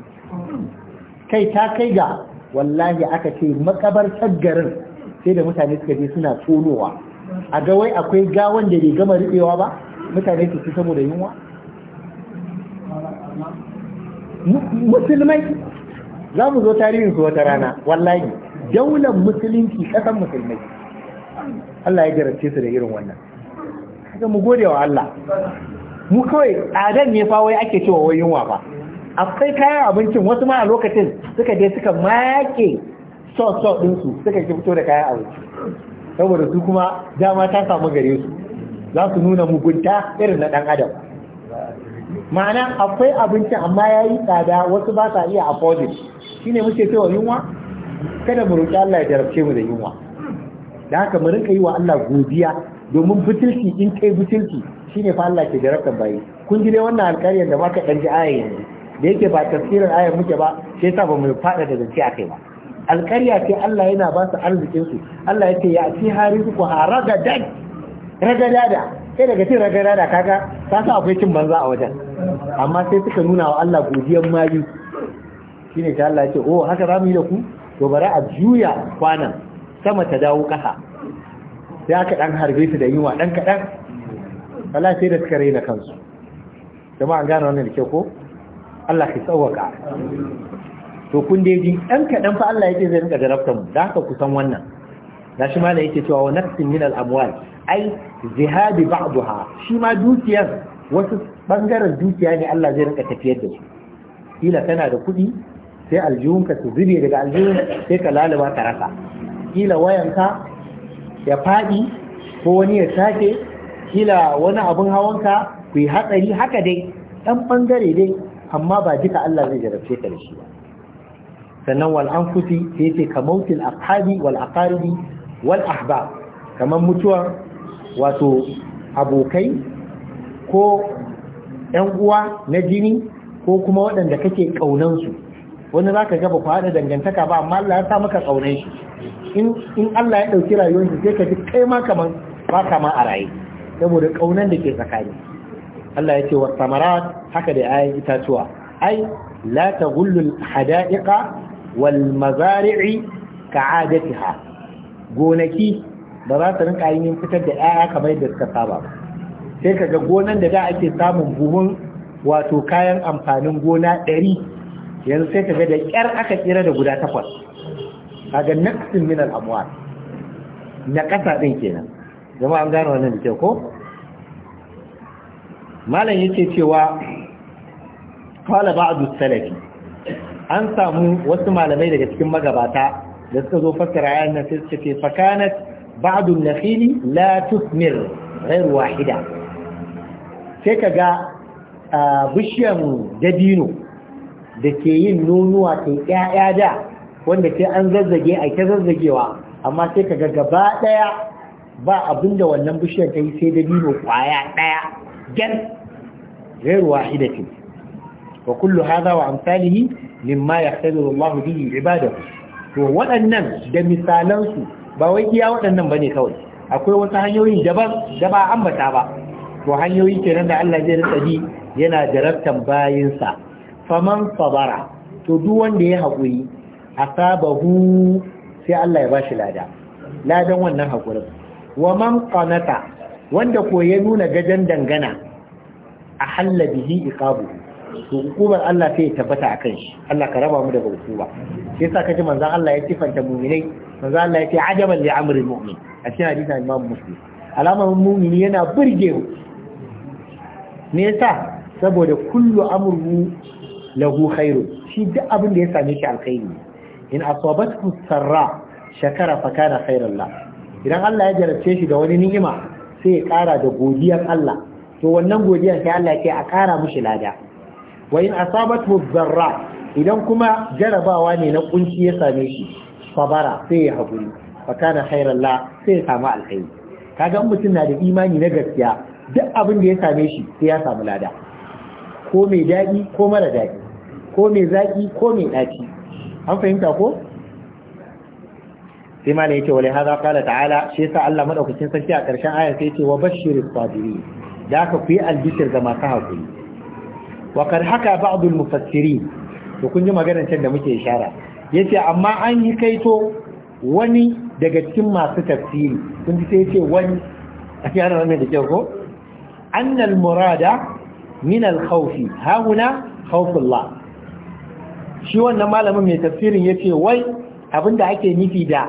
kai ta kai ga wallahi aka ce makabartar garin sai da mutane suka je suna tsonowa a ga wai akwai gawan da bai gama riɓewa ba mutane su ci saboda yunwa musulmai za mu zo tarihin su wata rana wallahi daular musulunci kasan musulmai Allah ya jarabce su da irin wannan haka mu gode wa Allah mu kawai adan ne fa wai ake cewa wai yunwa fa akwai kayan abincin wasu ma a lokacin suka je suka make so din su, suka ki fito da kayan abinci saboda su kuma dama ta samu gare su za su nuna mugunta irin na ɗan adam ma'ana akwai abinci amma ya yi tsada wasu ba sa iya afodin shi ne muke cewa yunwa kada mu roƙi Allah ya jarabce mu da yunwa da haka mu rinka yi wa Allah godiya domin butulci in kai butulci ne fa Allah ke jarabta bayi kun ji dai wannan alƙaryar da maka ɗan ji aya yanzu da yake ba tafsirin ayar muke ba sai sa ba mu faɗa da zance a kai ba alƙarya ce Allah yana ba su arzikinsu Allah ya ce ya ci hari ku haragadan ragadada sai daga cin ragana da kaga ta sa akwai cin banza a wajen amma sai suka nuna wa Allah godiyar mayu ne ta Allah ya ce oh haka za mu yi da ku to bari a juya kwanan sama ta dawo ƙasa sai aka dan harbe su da yunwa dan kaɗan Allah sai da suka raina kansu jama'a an gane wannan da ke ko Allah ka tsawaka to kun dai ji dan kaɗan fa Allah yake zai rinka jarabta mu da haka ku san wannan gashi ma yake cewa wa nafsin min al-amwal ai zihabi ba'daha shi ma dukiyar wasu bangaren dukiya ne Allah zai rinka tafiyar da su kila tana da kuɗi sai aljihunka su zube daga aljihun sai ka lalaba ka rasa kila wayanka ya faɗi ko wani ya sake kila wani abun hawanka ku yi hatsari haka dai ɗan ɓangare dai amma ba duka Allah zai jarabce ka da shi ba sannan wal anfusi sai ce ka mautil aqabi wal aqaribi wal ahba kamar mutuwar wato abokai ko ‘yan uwa na jini ko kuma waɗanda kake ƙaunansu wani za ka gaba kwaɗa dangantaka ba amma Allah ya sa maka ƙaunan shi in Allah ya ɗauki rayuwar shi sai ka ji kai ma kaman ba kama a raye saboda ƙaunan da ke tsakani Allah ya ce wa samara haka da ayan itatuwa ai la taghullu al hadaiqa wal mazari'i ka'adatiha gonaki ba za ta rinka yin fitar da 'ya'ya kamar yadda suka saba ba sai kaga gonan da da ake samun buhun wato kayan amfanin gona ɗari yanzu sai kaga da ƙyar aka tsira da guda takwas kaga naqsin min al-amwal na ƙasa ɗin kenan jama'a an gano wannan da ke ko malam yake cewa qala ba'du salafi an samu wasu malamai daga cikin magabata da suka zo fassara ayan nan sai suka ce fakanat ba'du nakhili la tusmir ghayr wahida sai kaga bishiyar dabino da ke yin nonuwa ta ƴaƴa da wanda sai an zazzage a ta zazzagewa amma sai kaga gaba ɗaya, ba abinda wannan bishiyar ta yi sai dabino kwaya ɗaya. gan ghayr wahidatin wa kullu haza wa amsalihi mimma yahtabiru Allah bihi ibadahu to waɗannan da misalansu ba wai iya waɗannan ba ne kawai akwai wasu hanyoyin daban da ba ambata ba to hanyoyi nan da Allah zai rinka ji yana jarabtan bayinsa faman sabara to duk wanda ya haƙuri asabahu sai Allah ya ba shi lada ladan wannan haƙurin wa man qanata wanda ko ya nuna gajan dangana a halla bihi iqabuhu to hukumar Allah sai ya tabbata a kai. Allah ka raba mu daga hukuma sai yasa kaji manzon Allah ya sifanta mu'minai manzon Allah ya ce ajaban li amri mu'min a cikin hadisin Imam Muslim alamar mu'mini yana burge mu me yasa saboda kullu amru lahu khairu shi duk abin da ya same shi alkhairi in asabatku sarra shakara fa kana khairan la idan Allah ya jarabce shi da wani ni'ima sai ya kara da godiyar Allah to wannan godiyar sai Allah ya ce a kara mushi lada wa in asabathu Zarra idan kuma jarabawa ne na kunci ya same shi sabara sai ya haƙuri fa kana khairan la sai ya samu alkhairi kaga mutum na da imani na gaskiya duk abin da ya same shi sai ya samu lada ko mai daɗi ko mara daɗi ko mai zaƙi ko mai ɗaci an fahimta ko sai ma yake wale haza kala ta'ala shi yasa Allah madaukakin sarki a ƙarshen aya sai ce wa bashirin sabiri da aka ku yi albishir ga masu haƙuri wa kad haka ba'dul mufassirin to kun ji maganar can da muke ishara yace amma an yi kaito wani daga cikin masu tafsiri kun ji sai ce wani a kiyar wannan da kyau ko annal murada min al khawfi hauna khawfullah shi wannan malamin mai tafsirin yace wai abinda ake nufi da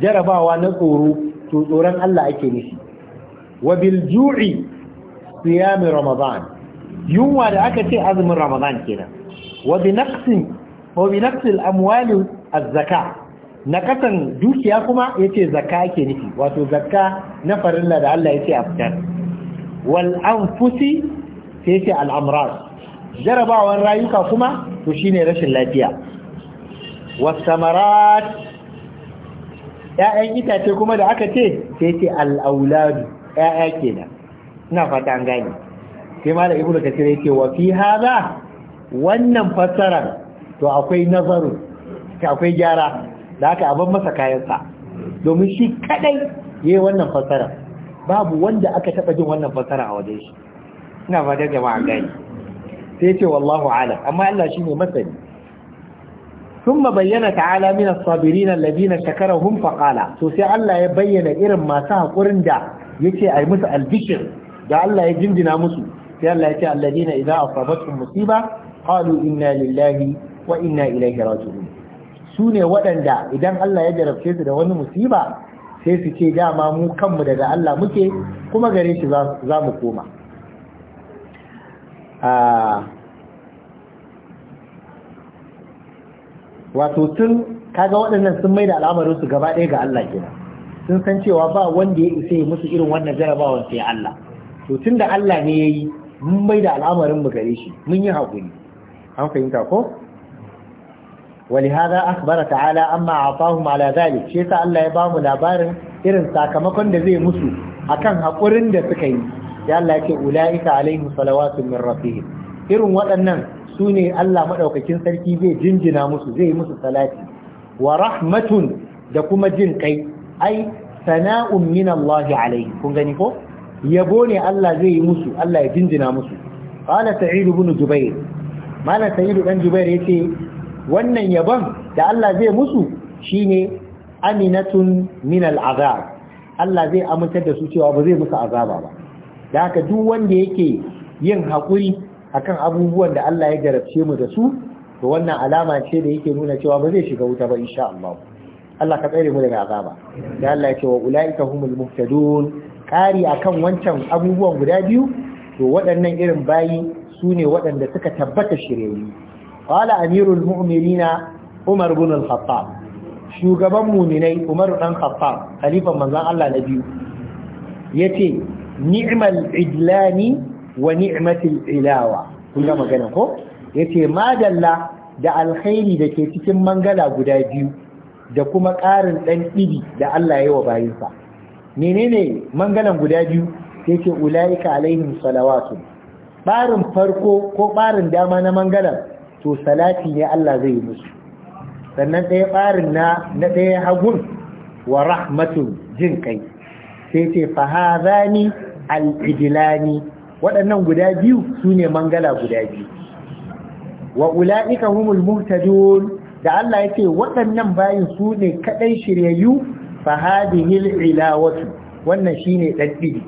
jarabawa na tsoro to tsoron Allah ake nufi wa bil ju'i siyami ramadan yunwa da aka ce azumin ramadan kenan wa bi naqsin wa bi amwali az-zaka dukiya kuma yace zaka yake nufi wato zaka na farilla da Allah yace a fitar wal anfusi sai yace al amrar rayuka kuma to shine rashin lafiya was samarat ya'yan itace kuma da aka ce sai yace al ya'ya kenan ina fata an gane sai ma da ibnu kasir yake wa fi haza wannan fassarar to akwai nazaru akwai gyara da aka abin masa kayansa domin shi kadai yi wannan fassara babu wanda aka taba jin wannan fassara a waje shi ina ba da jama'a gani sai ce wallahu ala amma Allah ne masani ma bayyana ta'ala mina sabirina sabirin alladhina shakarahum fa qala sai Allah ya bayyana irin masu hakurin da yace yi musu albishir da Allah ya jinjina musu sai Allah ya ce alladina idza asabatuhum musiba qalu inna lillahi wa inna ilaihi raji'un su ne waɗanda idan Allah ya jarabce su da wani musiba sai su ce dama mu kanmu daga Allah muke kuma gare shi za mu koma wato sun kaga waɗannan sun mai da al'amarin su gaba ɗaya ga Allah kenan sun san cewa ba wanda ya isa musu irin wannan jarabawar sai Allah to tun da Allah ne ya yi mun bai da al'amarin mu gare shi mun yi hakuri. an fahimta ko wali hada akbara ta'ala amma atahum ala zalik shi yasa Allah ya bamu labarin irin sakamakon da zai musu akan haƙurin da suka yi ya Allah ya ce ulaika alaihim salawatu min rabbihim irin waɗannan sune Allah madaukakin sarki zai jinjina musu zai musu salati wa rahmatun da kuma jin kai ai sana'un min Allah alaihi kun gani ko yabo ne Allah zai yi musu Allah ya jinjina musu qala sa'id ibn jubair malam sa'id dan jubair yace wannan yabon da Allah zai musu shine aminatun min al'azab Allah zai amintar da su cewa ba zai musu azaba ba da haka duk wanda yake yin hakuri akan abubuwan da Allah ya jarabce mu da su to wannan alama ce da yake nuna cewa ba zai shiga wuta ba insha Allah Allah ka tsere mu daga azaba da Allah ya wa ulaika humul muhtadun kari akan wancan abubuwan guda biyu to waɗannan irin bayi sune waɗanda suka tabbata shiryayi qala amirul mu'minina umar ibn al-khattab shugaban muminai umar dan khattab khalifan manzon Allah na biyu yace ni'mal idlani wa ni'matul ilawa kun ga magana ko yace madalla da alkhairi da ke cikin mangala guda biyu da kuma ƙarin ɗan ɗibi da Allah ya yi wa bayinsa menene mangalan guda biyu sai ce ula'ika alaihim salawatu ɓarin farko ko ɓarin dama na mangalan to salati ne Allah zai yi musu sannan ɗaya ɓarin na ɗaya hagun wa rahmatun jin kai sai ce fahazani al-ijlani waɗannan guda biyu su ne mangala guda biyu wa ula'ika humul muhtadun da Allah ya ce waɗannan bayin su ne kaɗai shiryayyu fa hadihil ilawatu wannan shine ɗanɗi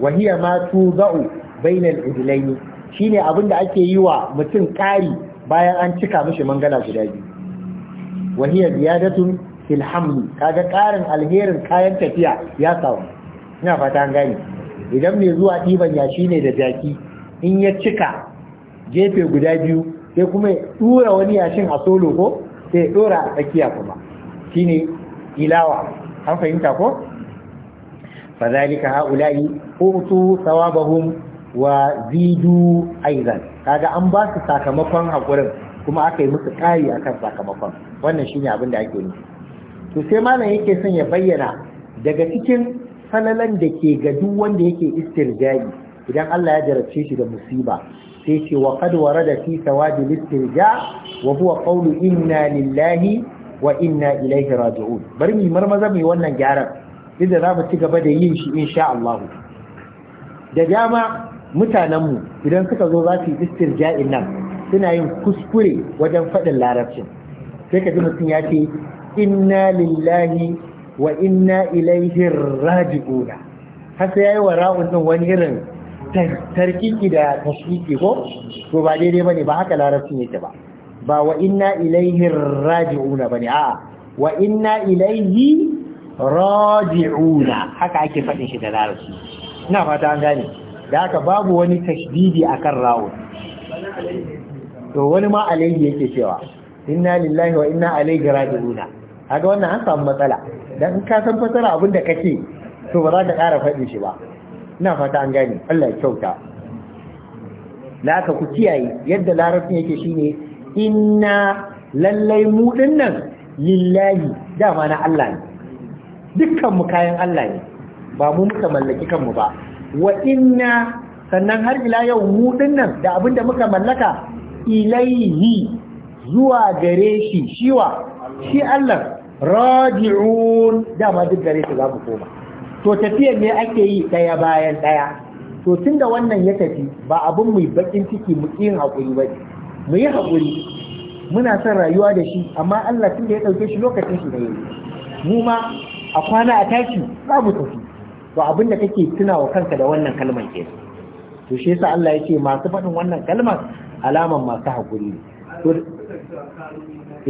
Wahiya hiya ma tuza'u bainal udlaini shine abin da ake yi wa mutum kari bayan an cika mishi mangala guda biyu Wahiya hiya fil hamli kaga ƙarin alherin kayan tafiya ya samu ina fata an gane idan mai zuwa ɗiban ya ne da jaki in ya cika gefe guda biyu sai kuma ya tura wani yashin a solo ko sai ya dora a tsakiya kuma shine ilawa an fahimta ko fazalika haula'i utu thawabahum wa zidu aizan kaga an ba su sakamakon hakurin kuma aka yi musu kari akan sakamakon wannan shine abin da ake nufi to sai malam yake son ya bayyana daga cikin falalan da ke ga wanda yake istirjai idan Allah ya jarabce shi da musiba sai ce wa da warada fi thawabi ja wa huwa qawlu inna lillahi wa inna ilaihi raji'un bari mu marmaza mu wannan gyaran inda za mu ci gaba da yin shi sha Allah da dama mutanen mu idan suka zo za su yi ja'in nan suna yin kuskure wajen faɗin larabcin sai ka ji mutum ya ce inna lillahi wa inna ilaihi raji'un har sai yi wa ra'un wani irin tarkiki da tashiki ko to ba daidai bane ba haka larabcin yake ba ba wa inna ilaihi raji'una bane a wa inna ilaihi raji'una haka ake faɗin shi da larabci ina fata an gane da haka babu wani tashdidi akan rawu to wani ma alaihi yake cewa inna lillahi wa inna ilaihi raji'una kaga wannan an samu matsala dan in ka san fasara abin da kake to ba za ka ƙara faɗi shi ba ina fata an gane Allah ya kyauta da aka ku kiyaye yadda larabcin yake shine inna lallai mu dinnan lillahi dama na Allah ne dukkan mu kayan Allah ne ba mu muka mallaki kanmu ba wa inna sannan har ila yau mu dinnan da abinda muka mallaka ilaihi zuwa gare shi shiwa shi Allah raji'un dama duk gare shi za mu koma to tafiyar ne ake yi ɗaya bayan ɗaya to tun da wannan ya tafi ba abin mu bakin ciki mu yi haƙuri ba mu yi haƙuri muna son rayuwa da shi amma Allah tun da ya ɗauke shi lokacin shi da yi. mu ma a kwana a tashi za mu tafi to abin da kake tunawa kanka da wannan kalmar ke to shi yasa Allah ya ce masu faɗin wannan kalmar alaman masu haƙuri ne to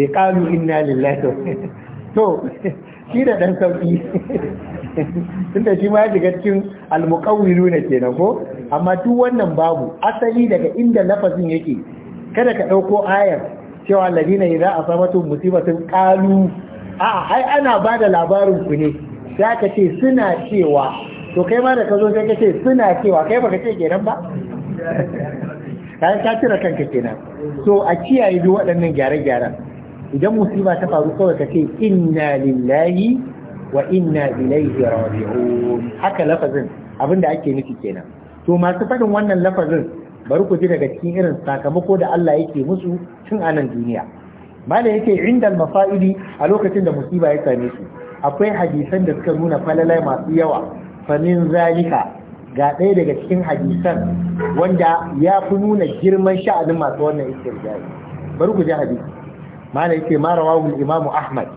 ya eh, ƙalu inna lillahi to shi da ɗan sauƙi da shi ma shiga cikin almuƙawiru na kenan ko amma duk wannan babu asali daga inda lafazin yake kada ka ɗauko ayar cewa ladina idza tun musibatin ƙalu a ai ana da labarin ku ne sai ka ce suna cewa to kai ma da ka zo sai ka ce suna cewa kai baka ce kenan ba kayan ka tira kanka kenan so a kiyaye duk waɗannan gyare-gyaren idan musiba ta faru kawai ka ce inna lillahi wa inna ilaihi raji'un haka lafazin abinda ake nufi kenan to masu faɗin wannan lafazin bari ku ji daga cikin irin sakamako da Allah yake musu tun a nan duniya malam yake inda mafa'ili a lokacin da musiba ya same su akwai hadisan da suka nuna falalai masu yawa famin zalika ga ɗaya daga cikin hadisan wanda ya fi nuna girman sha'anin masu wannan istirjai bari ku ji hadisi mala yake mara rawahu imam ahmad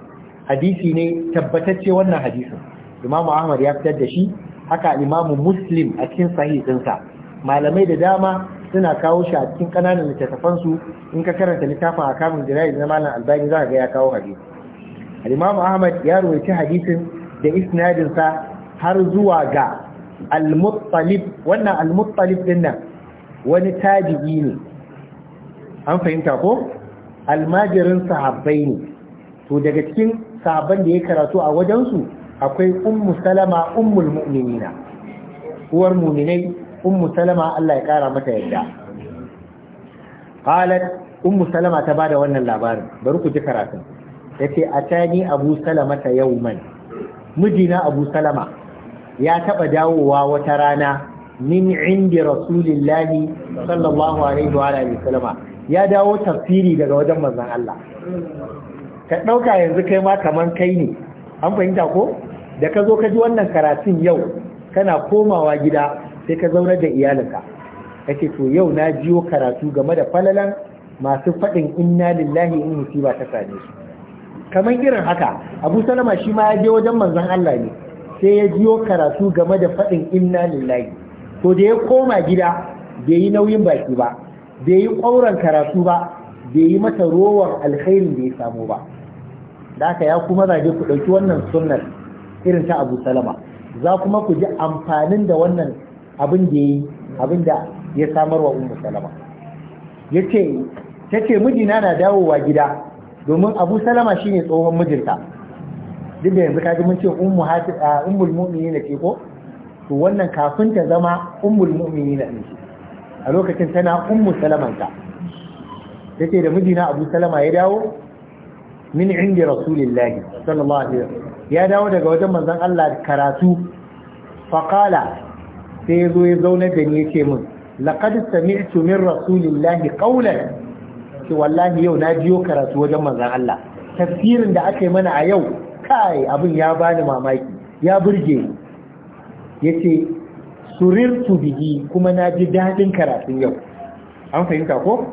hadisi ne tabbatacce wannan hadisin imam ahmad ya fitar da shi haka imam muslim a cikin sahih dinsa malamai da dama suna kawo shi a cikin kananan littattafan su in ka karanta littafin akamin jira'i na malam albani za ka ga ya kawo hadisi al ahmad ya rawaita hadisin da isnadin sa har zuwa ga al-muttalib wannan al-muttalib dinnan wani tabi'i ne an fahimta ko almajirin sahabbai ne to daga cikin sahabban da ya karatu a wajensu akwai ummu salama ummul mu'minina uwar muminai ummu salama Allah ya kara mata yadda qalat ummu salama ta bada wannan labarin bari ku ji karatun tace atani abu salama ta yauman mijina abu salama ya taba dawowa wata rana min indi rasulillahi sallallahu alaihi wa alihi wasallama ya dawo tafsiri daga wajen manzan Allah ka ɗauka yanzu kai ma kamar kai ne an fahimta ko da ka zo ka ji wannan karatun yau kana komawa gida sai ka zaunar da iyalinka kake to yau na jiyo karatu game da falalan masu faɗin inna lillahi in musiba ta same su kamar irin haka abu salama shi ma ya je wajen manzan Allah ne sai ya jiyo karatu game da faɗin inna lillahi to da ya koma gida bai yi nauyin baki ba bai yi ƙwauran karatu ba bai yi mata rowar alkhairin da ya samu ba da aka ya kuma zage ku ɗauki wannan sunnar irin ta abu salama za kuma ku ji amfanin da wannan abin da ya yi abin da ya samar wa umu salama ya ce ta ce mijina na dawowa gida domin abu salama shine tsohon mijinta duk da yanzu ka ji mun ce ummul na ce ko to wannan kafin ta zama ummul na ne a lokacin tana ummu salamanta ta ce da mijina abu salama ya dawo min indi rasulillahi sallallahu alaihi ya dawo daga wajen manzon Allah karatu faqala sai ya zo ya zauna da ni yace min laqad sami'tu min rasulillahi qawlan ce wallahi yau na jiyo karatu wajen manzon Allah tafsirin da aka mana a yau kai abin ya bani mamaki ya burge yace surirtu bihi kuma na ji daɗin karatun yau an fahimta ko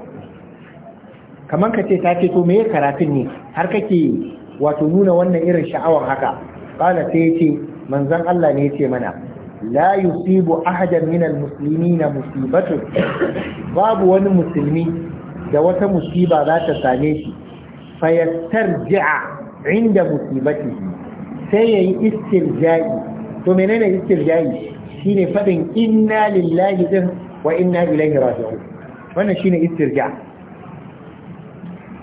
kamar ka ce ta ce to meye karatun ne har kake wato nuna wannan irin sha'awar haka kala sai ce manzon Allah ne ce mana la yusibu ahadan min almuslimina musibatu babu wani musulmi da wata musiba za ta same shi fayastarji'a inda musibatihi sai yayi istirja'i to menene istirja'i shine faɗin inna lillahi ɗin, wa inna ilaihi raji'un wannan shine istirja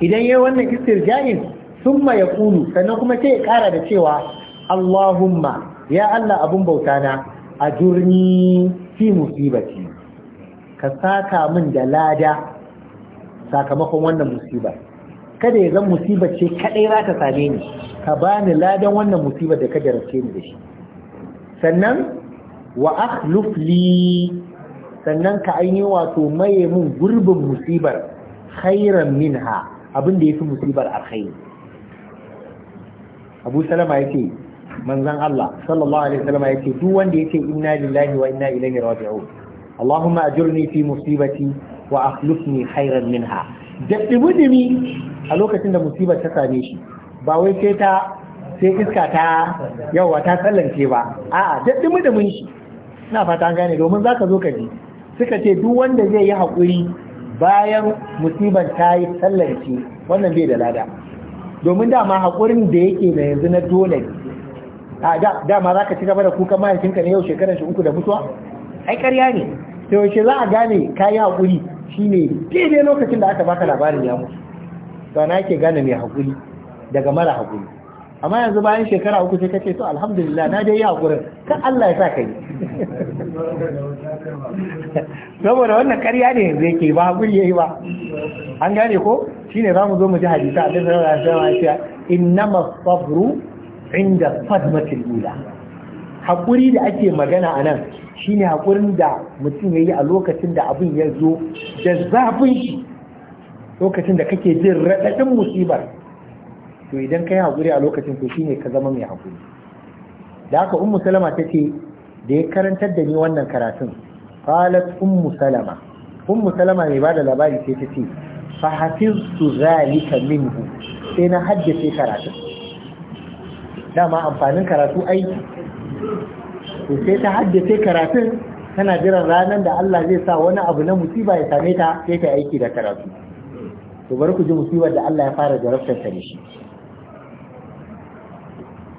idan yayin wannan istirja'in thumma yaqulu sannan kuma sai ya kara da cewa Allahumma ya Allah abun bauta na ajurni fi musibati ka saka min da lada sakamakon wannan musiba kada ya zan musibar ce kadai za ta same ni ka bani ladan wannan musibar da ka jarabce ni da shi sannan wa akhluf li sannan ka aini wato maye mun gurbin musibar khairan minha abin da yafi musibar alkhairi Abu Salama yake manzon Allah sallallahu alaihi wasallam yake duk wanda yake inna lillahi wa inna ilaihi raji'un Allahumma ajurni fi musibati wa akhlifni khairan minha da dimi a lokacin da musibar ta same shi ba wai sai ta sai iska ta yawa ta tsallance ba a'a da mun shi ina fata gane domin zaka zo ka ji suka ce duk wanda zai yi haƙuri bayan musibar ta yi sallarci wannan bai da lada domin dama haƙurin da yake na yanzu na dole a dama za ka ci gaba da kukan mahaifinka na yau shekarar shi uku da mutuwa ai ƙarya ne sai za a gane ka yi haƙuri shine daidai lokacin da aka baka labarin ya mutu to na ke gane mai haƙuri daga mara haƙuri amma yanzu bayan shekara uku sai kake to alhamdulillah na dai yi gurin kan Allah ya sa kai saboda wannan ƙarya ne yanzu yake ba hakuri yayi ba an gane ko shine zamu zo mu ji hadisi a sallallahu da wasallam ya ce innama sabru inda sadmatil alula hakuri da ake magana anan shine hakurin da mutum yayi a lokacin da abin ya zo da zafin shi lokacin da kake jin radadin musibar to idan kai haƙuri a lokacin to shine ka zama mai haƙuri da haka ummu salama ta ce da ya karantar da ni wannan karatun qalat ummu salama ummu salama mai bada labari sai ta ce fa hafiztu zalika minhu sai na haddace karatun dama amfanin karatu aiki to sai ta haddace karatun tana jiran ranar da Allah zai sa wani abu na musiba ya same ta sai ta aiki da karatu to bari ku ji musibar da Allah ya fara jarabtar ta da shi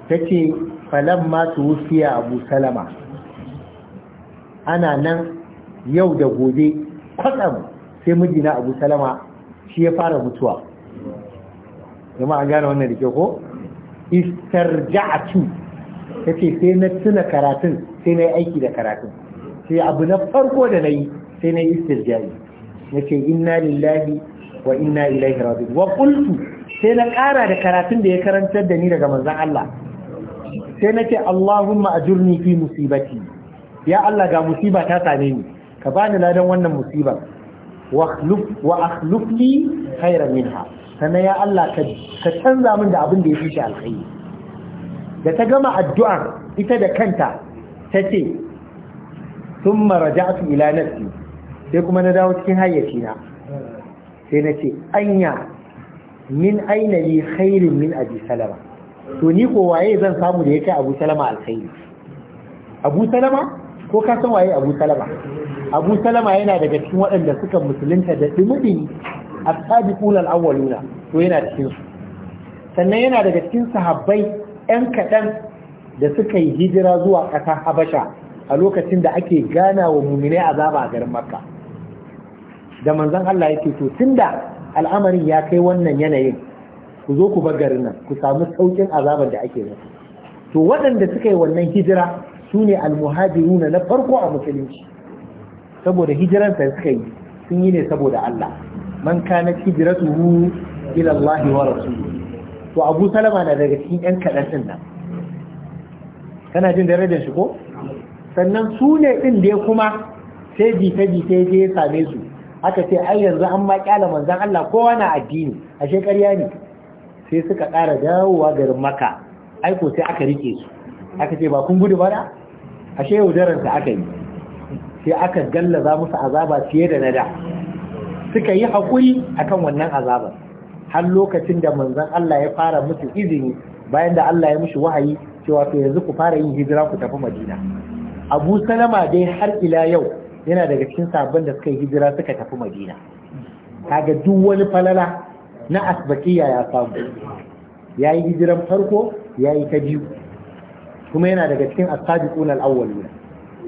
Ta ce falon masu tuwfiya abu salama ana nan yau da gobe kwatsam sai mijina abu salama shi ya fara mutuwa Zama an gane wannan da ke ko Istar ta ce sai na tuna karatun sai na aiki da karatun sai abu na farko da na yi sai na yi istirjai na ce inna lillahi wa inna ilaihi raji'un wa kultu sai na kara da karatun da ya karantar da ni daga manzan Allah sai nake Allahumma ajurni fi musibati ya Allah ga musiba ta same ni ka bani ladan wannan musibar wa akhluf wa akhluf li minha sannan ya Allah ka canza min da abin da ya fi shi alkhairi da ta gama addu'ar ita da kanta ta ce thumma raja'tu ila nafsi sai kuma na dawo cikin hayyacina sai na ce anya min aina li khairin min abi salama to ni ko waye zan samu da ya kai abu salama alkhairi abu salama ko ka san waye abu salama abu salama yana daga cikin waɗanda suka musulunta da dimidini a sabiqul awwaluna to yana cikin su sannan yana daga cikin sahabbai yan kaɗan da suka yi hijira zuwa ƙasa habasha a lokacin da ake gana wa muminai azaba a garin makka da manzon Allah yake to tunda al'amarin ya kai wannan yanayin ku zo ku bar garin nan ku samu saukin azabar da ake nan. to waɗanda suka yi wannan hijira su ne almuhajiruna na farko a musulunci saboda hijiransa suka yi sun yi ne saboda Allah man kana hijratuhu ila Allah wa rasulihi to Abu Salama na daga cikin ƴan kaɗan din nan kana jin darajar shi ko sannan su ne din da kuma sai jita jita je ya same su aka ce ai yanzu an ma kyala manzon Allah kowa na addini ashe ƙarya ne sai suka ƙara dawowa garin maka aiko sai aka rike su aka ce ba kun gudu ba da ashe daranta aka yi sai aka gallaza musu azaba fiye da na da suka yi haƙuri akan wannan azabar har lokacin da manzon Allah ya fara musu izini bayan da Allah ya mushi wahayi cewa to yanzu ku fara yin hijira ku tafi Madina Abu Salama dai har ila yau yana daga cikin sabon da suka yi hijira suka tafi Madina kaga duk wani falala na asbakiya ya samu ya yi hijiran farko ya yi ta biyu kuma yana daga cikin asabiqun al-awwaluna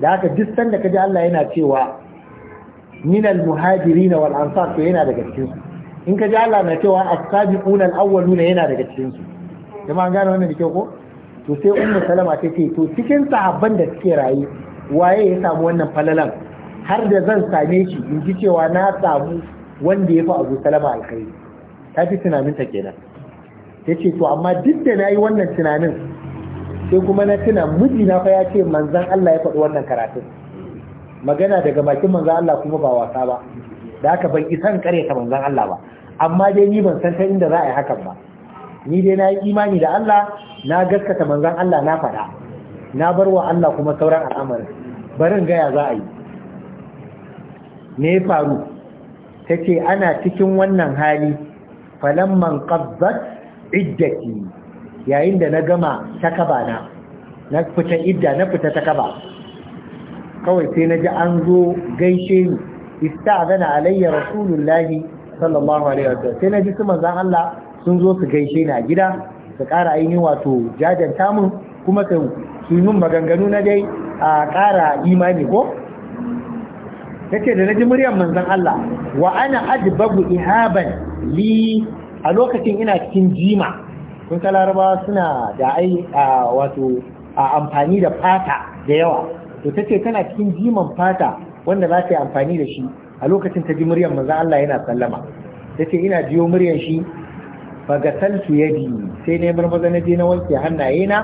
da haka duk sanda kaji Allah yana cewa minal muhajirin wal ansar to yana daga cikin su in kaji Allah na cewa asabiqun al-awwaluna yana daga cikin su jama'an gane wannan da kyau ko to sai ummu salama ta ce to cikin sahabban da suke rayu waye ya samu wannan falalan har da zan same shi in ji cewa na samu wanda ya fi abu salama alkhairi ta fi ta kenan ta ce to amma duk da na yi wannan tunanin sai kuma na tuna na fa ya ce manzan Allah ya faɗi wannan karatun magana daga bakin manzan Allah kuma ba wasa ba da aka ban isan kare ta manzan Allah ba amma dai ni ban san ta inda za a yi hakan ba ni dai na yi imani da Allah na gaskata manzan Allah na faɗa na bar wa Allah kuma sauran al'amarin barin gaya za a yi me ya faru ta ce ana cikin wannan hali man qabbat iddati yayin da na gama takaba na na fita idda na fita takaba kawai sai na ji an zo gaishe ni ista'zana alayya rasulullahi sallallahu alaihi wasallam sai na ji su manzon Allah sun zo su gaishe ni a gida su ƙara ainihin wato jajanta mun kuma su yi mun maganganu na dai a ƙara imani ko yace da na ji muryar manzon Allah wa ana adbabu ihaban li a lokacin ina cikin jima kun suna da ai wato amfani da fata da yawa to ta ce tana cikin jiman fata wanda za ta yi amfani da shi a lokacin ta ji muryar manzo Allah yana sallama ta ce ina jiyo muryar shi fa gasaltu yadi sai ne marmaza na je na wanke hannaye na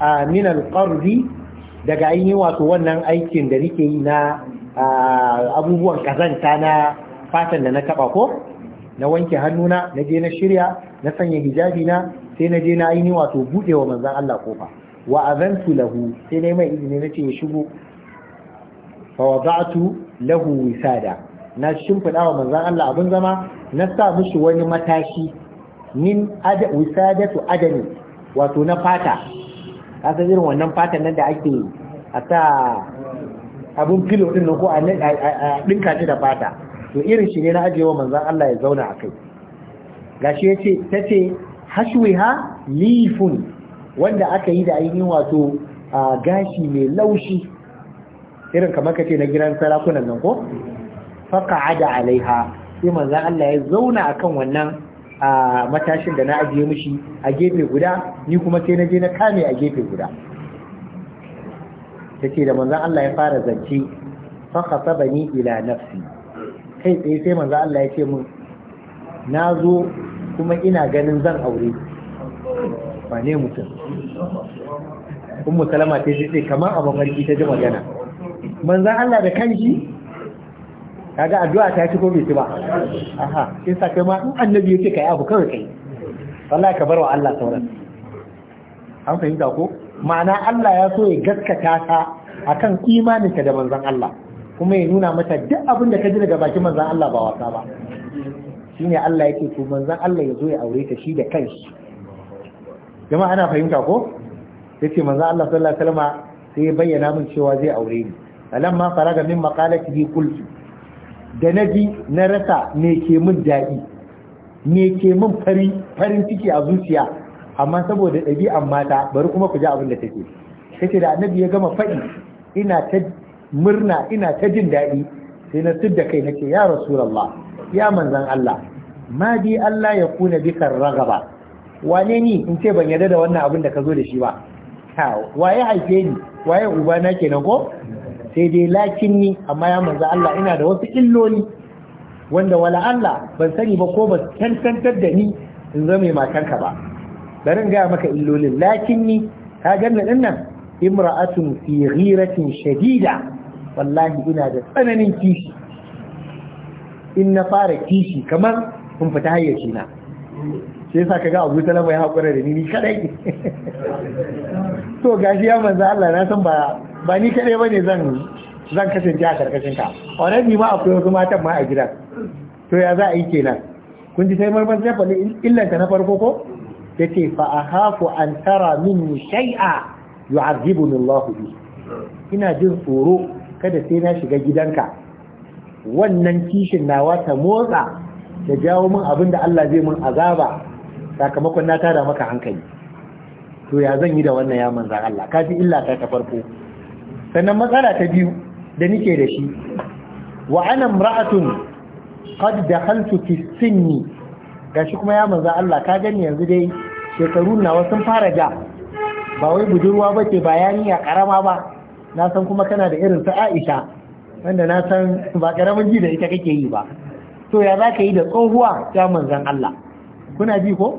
a min alqardi daga ainihin wato wannan aikin da nake yi na abubuwan kazanta na fatan da na taba ko na wanke hannuna na je na shirya na sanya hijabi na sai na je na aini wato bude wa manzan Allah kofa wa azantu lahu sai na mai izini na ce ya shigo fa wada'tu lahu wisada na shimfiɗa wa manzan Allah abun zama na sa mushi wani matashi min ada wisadatu adani wato na fata kasa irin wannan fatan nan da ake a sa abun filo din ko a dinka shi da fata to irin shi ne na ajiyewa manzan Allah ya zauna a kai gashi ya ce ta ce hashwiha lifun wanda aka yi da ainihin wato a gashi mai laushi irin kamar ka ce na gidan sarakunan nan ko faqa'ada alaiha sai manzan Allah ya zauna a kan wannan matashin da na ajiye mushi a gefe guda ni kuma sai na je na kame a gefe guda Ta ce da manzan Allah ya fara zance saba ni ila nafsi kai tsaye sai manzo Allah ya ce mun na zo kuma ina ganin zan aure ba ne mutum ummu salama ta ce kamar a mafarki ta ji magana manzo Allah da kanshi kaga addu'a ta ci ko bai ci ba aha sai sa kai ma in annabi yake kai abu kawai kai wallahi ka bar wa Allah sauran an fahimta ko ma'ana Allah ya so ya gaskata ta akan imaninka da manzan Allah kuma ya nuna mata duk abin da ka ji daga bakin manzan Allah ba wasa ba Shi ne Allah yake to manzan Allah ya zo ya aure ta shi da kanshi Gama ana fahimta ko ce manzan Allah sallallahu alaihi wasallam sai ya bayyana min cewa zai aure ni fara faraga min maqalatihi qultu da naji na rasa me ke min dadi, me ke min fari farin ciki a zuciya amma saboda ɗabi'an mata bari kuma ku ji abin da take kace da annabi ya gama faɗi ina ta murna ina ta jin daɗi sai na tudda kai nake ya rasulullah ya manzan Allah ma bi Allah ya kuna bika ragaba wane ni in ce ban yarda da wannan abin da ka zo da shi ba Ha, waye haife ni waye uba na kenan ko sai dai lakin ni amma ya manzan Allah ina da wasu illoli wanda wala Allah ban sani ba ko ba tantantar da ni in zama mai matanka ba bari in gaya maka illolin lakin ni ka ganna dinnan? nan imra'atun fi ghiratin shadida wallahi ina da tsananin kishi in na fara kishi kamar kun fita hayyaci na sai sa kaga Abu Salama ya hakura da ni ni kadai to gashi ya manzo Allah na san ba ba ni kadai bane zan zan kasance a karkashin ka already ma akwai wasu matan ma a gidan to ya za a yi kenan kun ji sai marmar sai faɗi illanta na farko ko yace fa ahafu an tara min shay'a yu'azibuni Allah bi ina jin tsoro kada sai na shiga gidanka wannan kishin nawa ta motsa da jawo min abin da Allah zai min azaba sakamakon na tada maka hankali to ya zan yi da wannan ya manza Allah ka ji illa ta farko sannan matsala ta biyu da nike da shi wa ana imra'atun qad dakhaltu fi sinni gashi kuma ya manza Allah ka gani yanzu dai shekaru nawa sun fara ja ba wai budurwa ba ce bayani a karama ba na san kuma kana da irin su Aisha wanda na san ba karamin ji da ita kake yi ba to ya za ka yi da tsohuwa ta manzan Allah kuna ji ko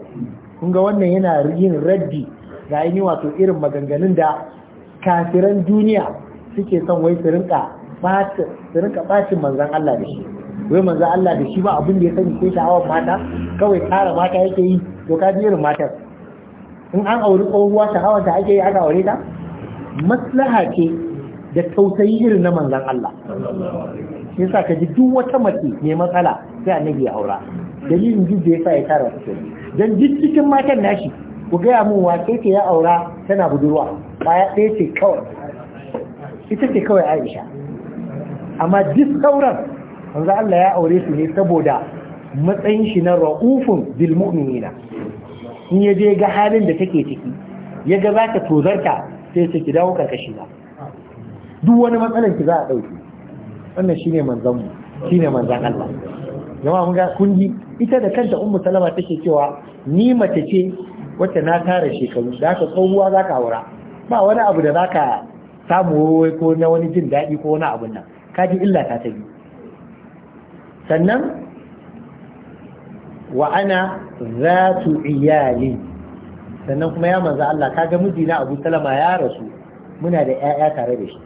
kun ga wannan yana yin raddi ga ainihin wato irin maganganun da kafiran duniya suke son wai su rinka bacin manzan Allah da shi wai manzan Allah da shi ba abin da ya sani sai sha'awar mata kawai tsara mata yake yi to ka ji irin matar in an auri tsohuwa sha'awar da ake yi aka aure ta maslaha ce da tausayi irin na manzan Allah shi yasa ka ji duk wata mace mai matsala sai annabi ya aura dalilin duk da yasa ya tara wata ce dan duk cikin matan nashi ku gaya mun wa sai ya aura tana budurwa baya ɗaya ce kawai ita ce kawai Aisha amma duk sauran manzan Allah ya aure su ne saboda matsayin shi na ra'ufun bil mu'minina in ya je ga halin da take ciki ya ga za ka tozarta sai su ki dawo karkashi ba duk wani matsalan ki za a ɗauki wannan shine manzon mu shine manzon Allah jama'a mun ga kun ji ita da kanta ummu salama take cewa ni mace ce wacce na tara shekaru da ka tsohuwa za ka aura ba wani abu da za ka samu ko na wani jin daɗi ko wani abun nan ka ji illa ta ta bi sannan wa ana tu iyali sannan kuma ya manza Allah kaga mijina Abu Salama ya rasu muna da 'ya'ya tare da shi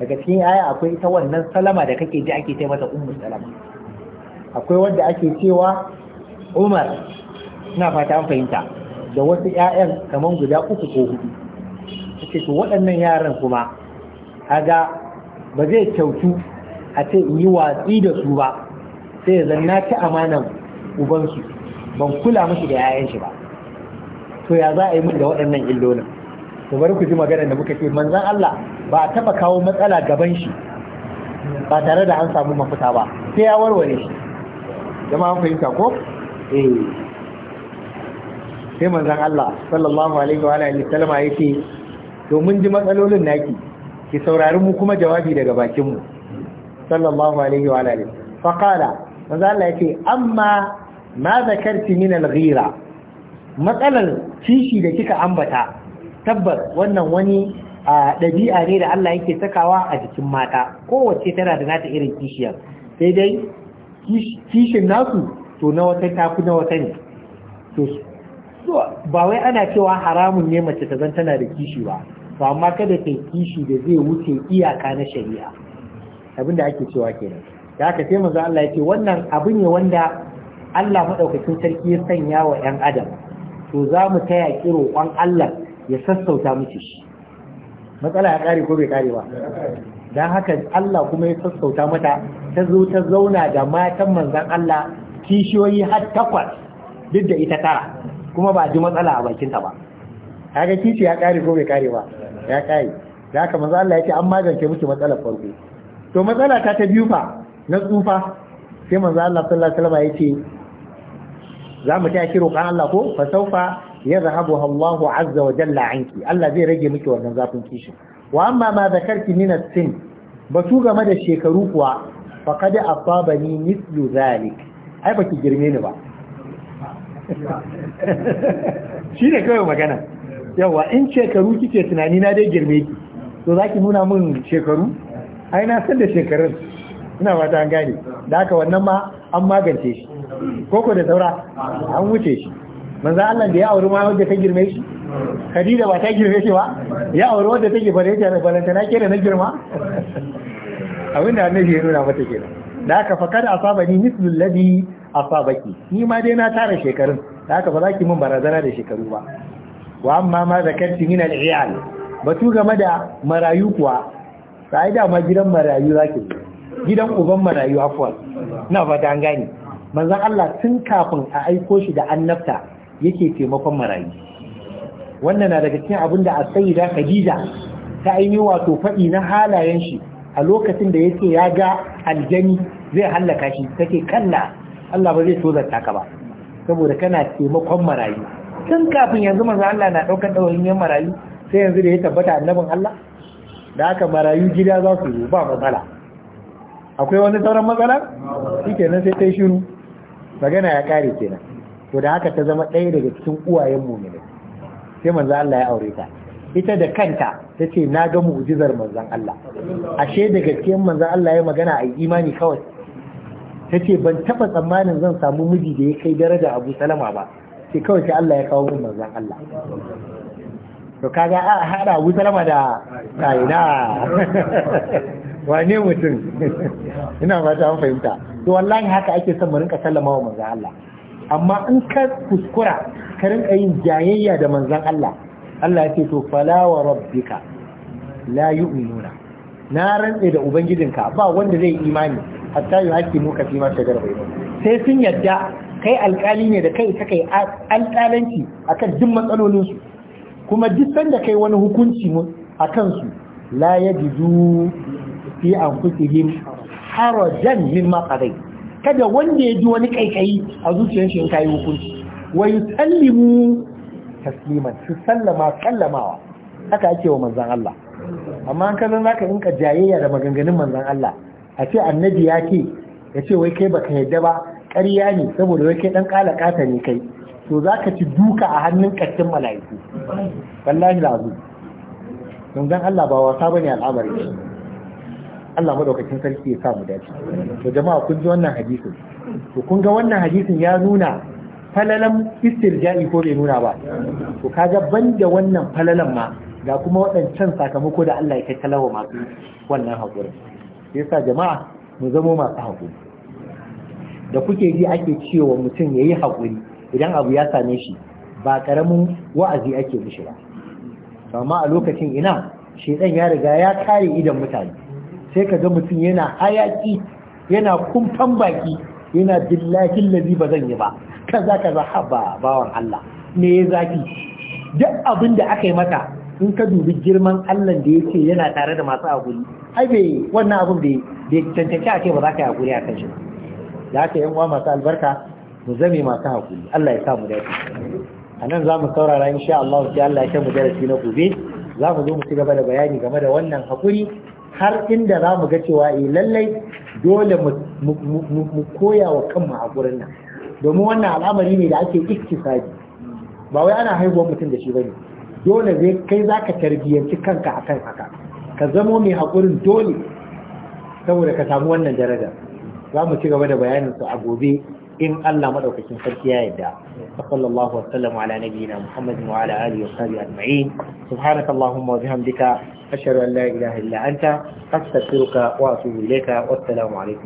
daga cikin 'ya'ya akwai ita wannan Salama da kake ji ake ce mata Salama akwai wanda ake cewa Umar na fata an fahimta da wasu 'ya'yan kamar guda uku ko hudu kace to waɗannan yaran kuma kaga ba zai kyautu a ce in yi watsi da su ba sai zan na ci amanan ubansu ban kula musu da 'ya'yan shi ba to ya za a yi min da waɗannan illolin to bari ku ji magana da muka ce manzon Allah ba a taɓa kawo matsala gaban shi ba tare da an samu mafita ba sai ya warware shi jama'a an fahimta ko eh sai manzon Allah sallallahu alaihi wa alihi sallama yake to mun ji matsalolin naki ki saurari mu kuma jawabi daga bakin mu sallallahu alaihi wa alihi fa qala manzon Allah yake amma ma zakarti min al matsalar kishi da kika ambata tabbas wannan wani dabi'a ne da Allah yake sakawa a jikin mata kowace tana da nata irin kishiyar sai dai kishin nasu to na wata taku na wata ne to ba wai ana cewa haramun ne mace ta zan tana da kishi ba to amma kada ta kishi da zai wuce iyaka na shari'a abinda ake cewa kenan da haka sai manzo Allah ya ce wannan abu ne wanda Allah maɗaukakin sarki ya sanya wa ‘yan adam to za mu taya ki roƙon Allah ya sassauta miki shi matsala ya ƙare ko bai ƙare ba don haka Allah kuma ya sassauta mata ta zo ta zauna da matan manzan Allah kishiyoyi har takwas duk da ita tara kuma ba ji matsala a bakinta ba kaga kishi ya ƙare ko bai ƙare ba ya ƙare da haka manzan Allah ya ce an magance miki matsalar farko to matsala ta ta biyu fa na tsufa sai manzan Allah sallallahu alaihi wasallam ya ce za mu tashi roƙon Allah ko fa saufa yadhhabu Allahu azza wa jalla anki Allah zai rage miki wannan zafin kishi wa amma ma zakarti min as-sin batu game da shekaru kuwa faqad asabani mithlu zalik ai ki girme ni ba shi kai magana yawa in shekaru kike tunani na dai girme ki to zaki nuna min shekaru ai na san da shekarun ina fata an gane da haka wannan ma an magance shi koko da saura an wuce shi manzo Allah da ya auri ma wanda ta girme shi Khadija ba ta girme shi ba ya auri wanda take fare ta balantana na da na girma abin da annabi ya nuna mata kenan da haka fa kada asabani mislu alladhi asabaki ni ma dai na tara shekarun da haka ba za ki mun barazana da shekaru ba wa amma ma zakarti min al-iyal batu game da marayu kuwa sai da ma gidan marayu zaki gidan uban marayu afwan na fa an gani manzan Allah tun kafin a aiko shi da annabta yake taimakon marayu wannan na daga cikin abin da as kadija Khadija ta aini wato faɗi na halayen shi a lokacin da yake ya ga aljani zai hallaka shi take kalla Allah ba zai zata ka ba saboda kana taimakon marayu tun kafin yanzu manzan Allah na daukar dawainiyan marayu sai yanzu da ya tabbata annabin Allah da aka marayu gida za su yi ba matsala akwai wani sauran matsala nan sai ta yi shiru magana ya kare kenan to da haka ta zama ɗaya daga cikin uwayen mu'mini sai manzo Allah ya aure ta ita da kanta ta ce na ga mu'jizar manzon Allah ashe da gaskiyar manzon Allah ya magana a imani kawai ta ce ban taba tsammanin zan samu miji da ya kai daraja abu salama ba sai kawai sai Allah ya kawo min manzon Allah to kaga a hada abu salama da kaina wane mutum ina fata an fahimta to wallahi haka ake son mu rinka sallama wa manzon Allah amma in ka kuskura ka rinka yin jayayya da manzon Allah Allah ya ce to fala wa rabbika la yu'minuna na rantse da ubangijinka ba wanda zai imani hatta yi mu muka fi ma shagar bai sai sun yadda kai alƙali ne da kai ta kai alƙalanci akan duk matsalolinsu kuma duk sanda kai wani hukunci a kansu la yajidu fi anfusihim harajan mimma qadai kada wanda ya ji wani ƙaiƙayi a zuciyar shi ka yi hukunci wa yusallimu tasliman su sallama sallamawa haka ake wa manzan Allah amma an kallon zaka in ka jayayya da maganganun manzan Allah a ce annabi ya ce ya ce wai kai baka yadda ba ƙarya ne saboda wai kai ɗan ƙala kata ne kai to zaka ci duka a hannun kattin mala'iku wallahi lazim manzan Allah ba wasa bane al'amari Allah madaukakin sarki ya sa mu dace to jama'a kun ji wannan hadisin to kun ga wannan hadisin ya nuna falalan istirja'i ko bai nuna ba to kaga banda wannan falalan ma ga kuma waɗancan sakamako da Allah ya kai wa masu wannan haƙuri sai sa jama'a mu zamo masu haƙuri da kuke ji ake cewa mutum yayi haƙuri idan abu ya same shi ba karamin wa'azi ake mishi ba amma a lokacin ina shedan ya riga ya kare idan mutane sai ka ga mutum yana hayaki yana kumfan baki yana billahin lazi ba zan yi ba kaza kaza haba bawan Allah me ya zafi duk abin da aka yi mata in ka dubi girman Allah da yake yana tare da masu hakuri ai bai wannan abin da bai cancanci a ce ba za ka yi hakuri a kan shi da haka yan uwa masu albarka mu zame masu hakuri Allah ya sa mu dace a nan za mu saurara insha Allah sai Allah ya kai mu darasi na gobe za mu zo mu ci gaba da bayani game da wannan hakuri har inda za mu ga cewa eh lallai dole mu koya wa kanmu a gurin nan domin wannan al'amari ne da ake iktisadi ba wai ana haihuwar mutum da shi bane dole zai kai zaka tarbiyyanci kanka akan haka ka zamo mai hakurin dole saboda ka samu wannan daraja za mu ci gaba da bayanin su a gobe in Allah madaukakin sarki ya yarda sallallahu wasallam ala nabiyina Muhammad wa ala alihi wa sahbihi ajma'in subhanaka allahumma wa bihamdika ashhadu an la ilaha illa anta astaghfiruka wa atubu ilayka wassalamu alaikum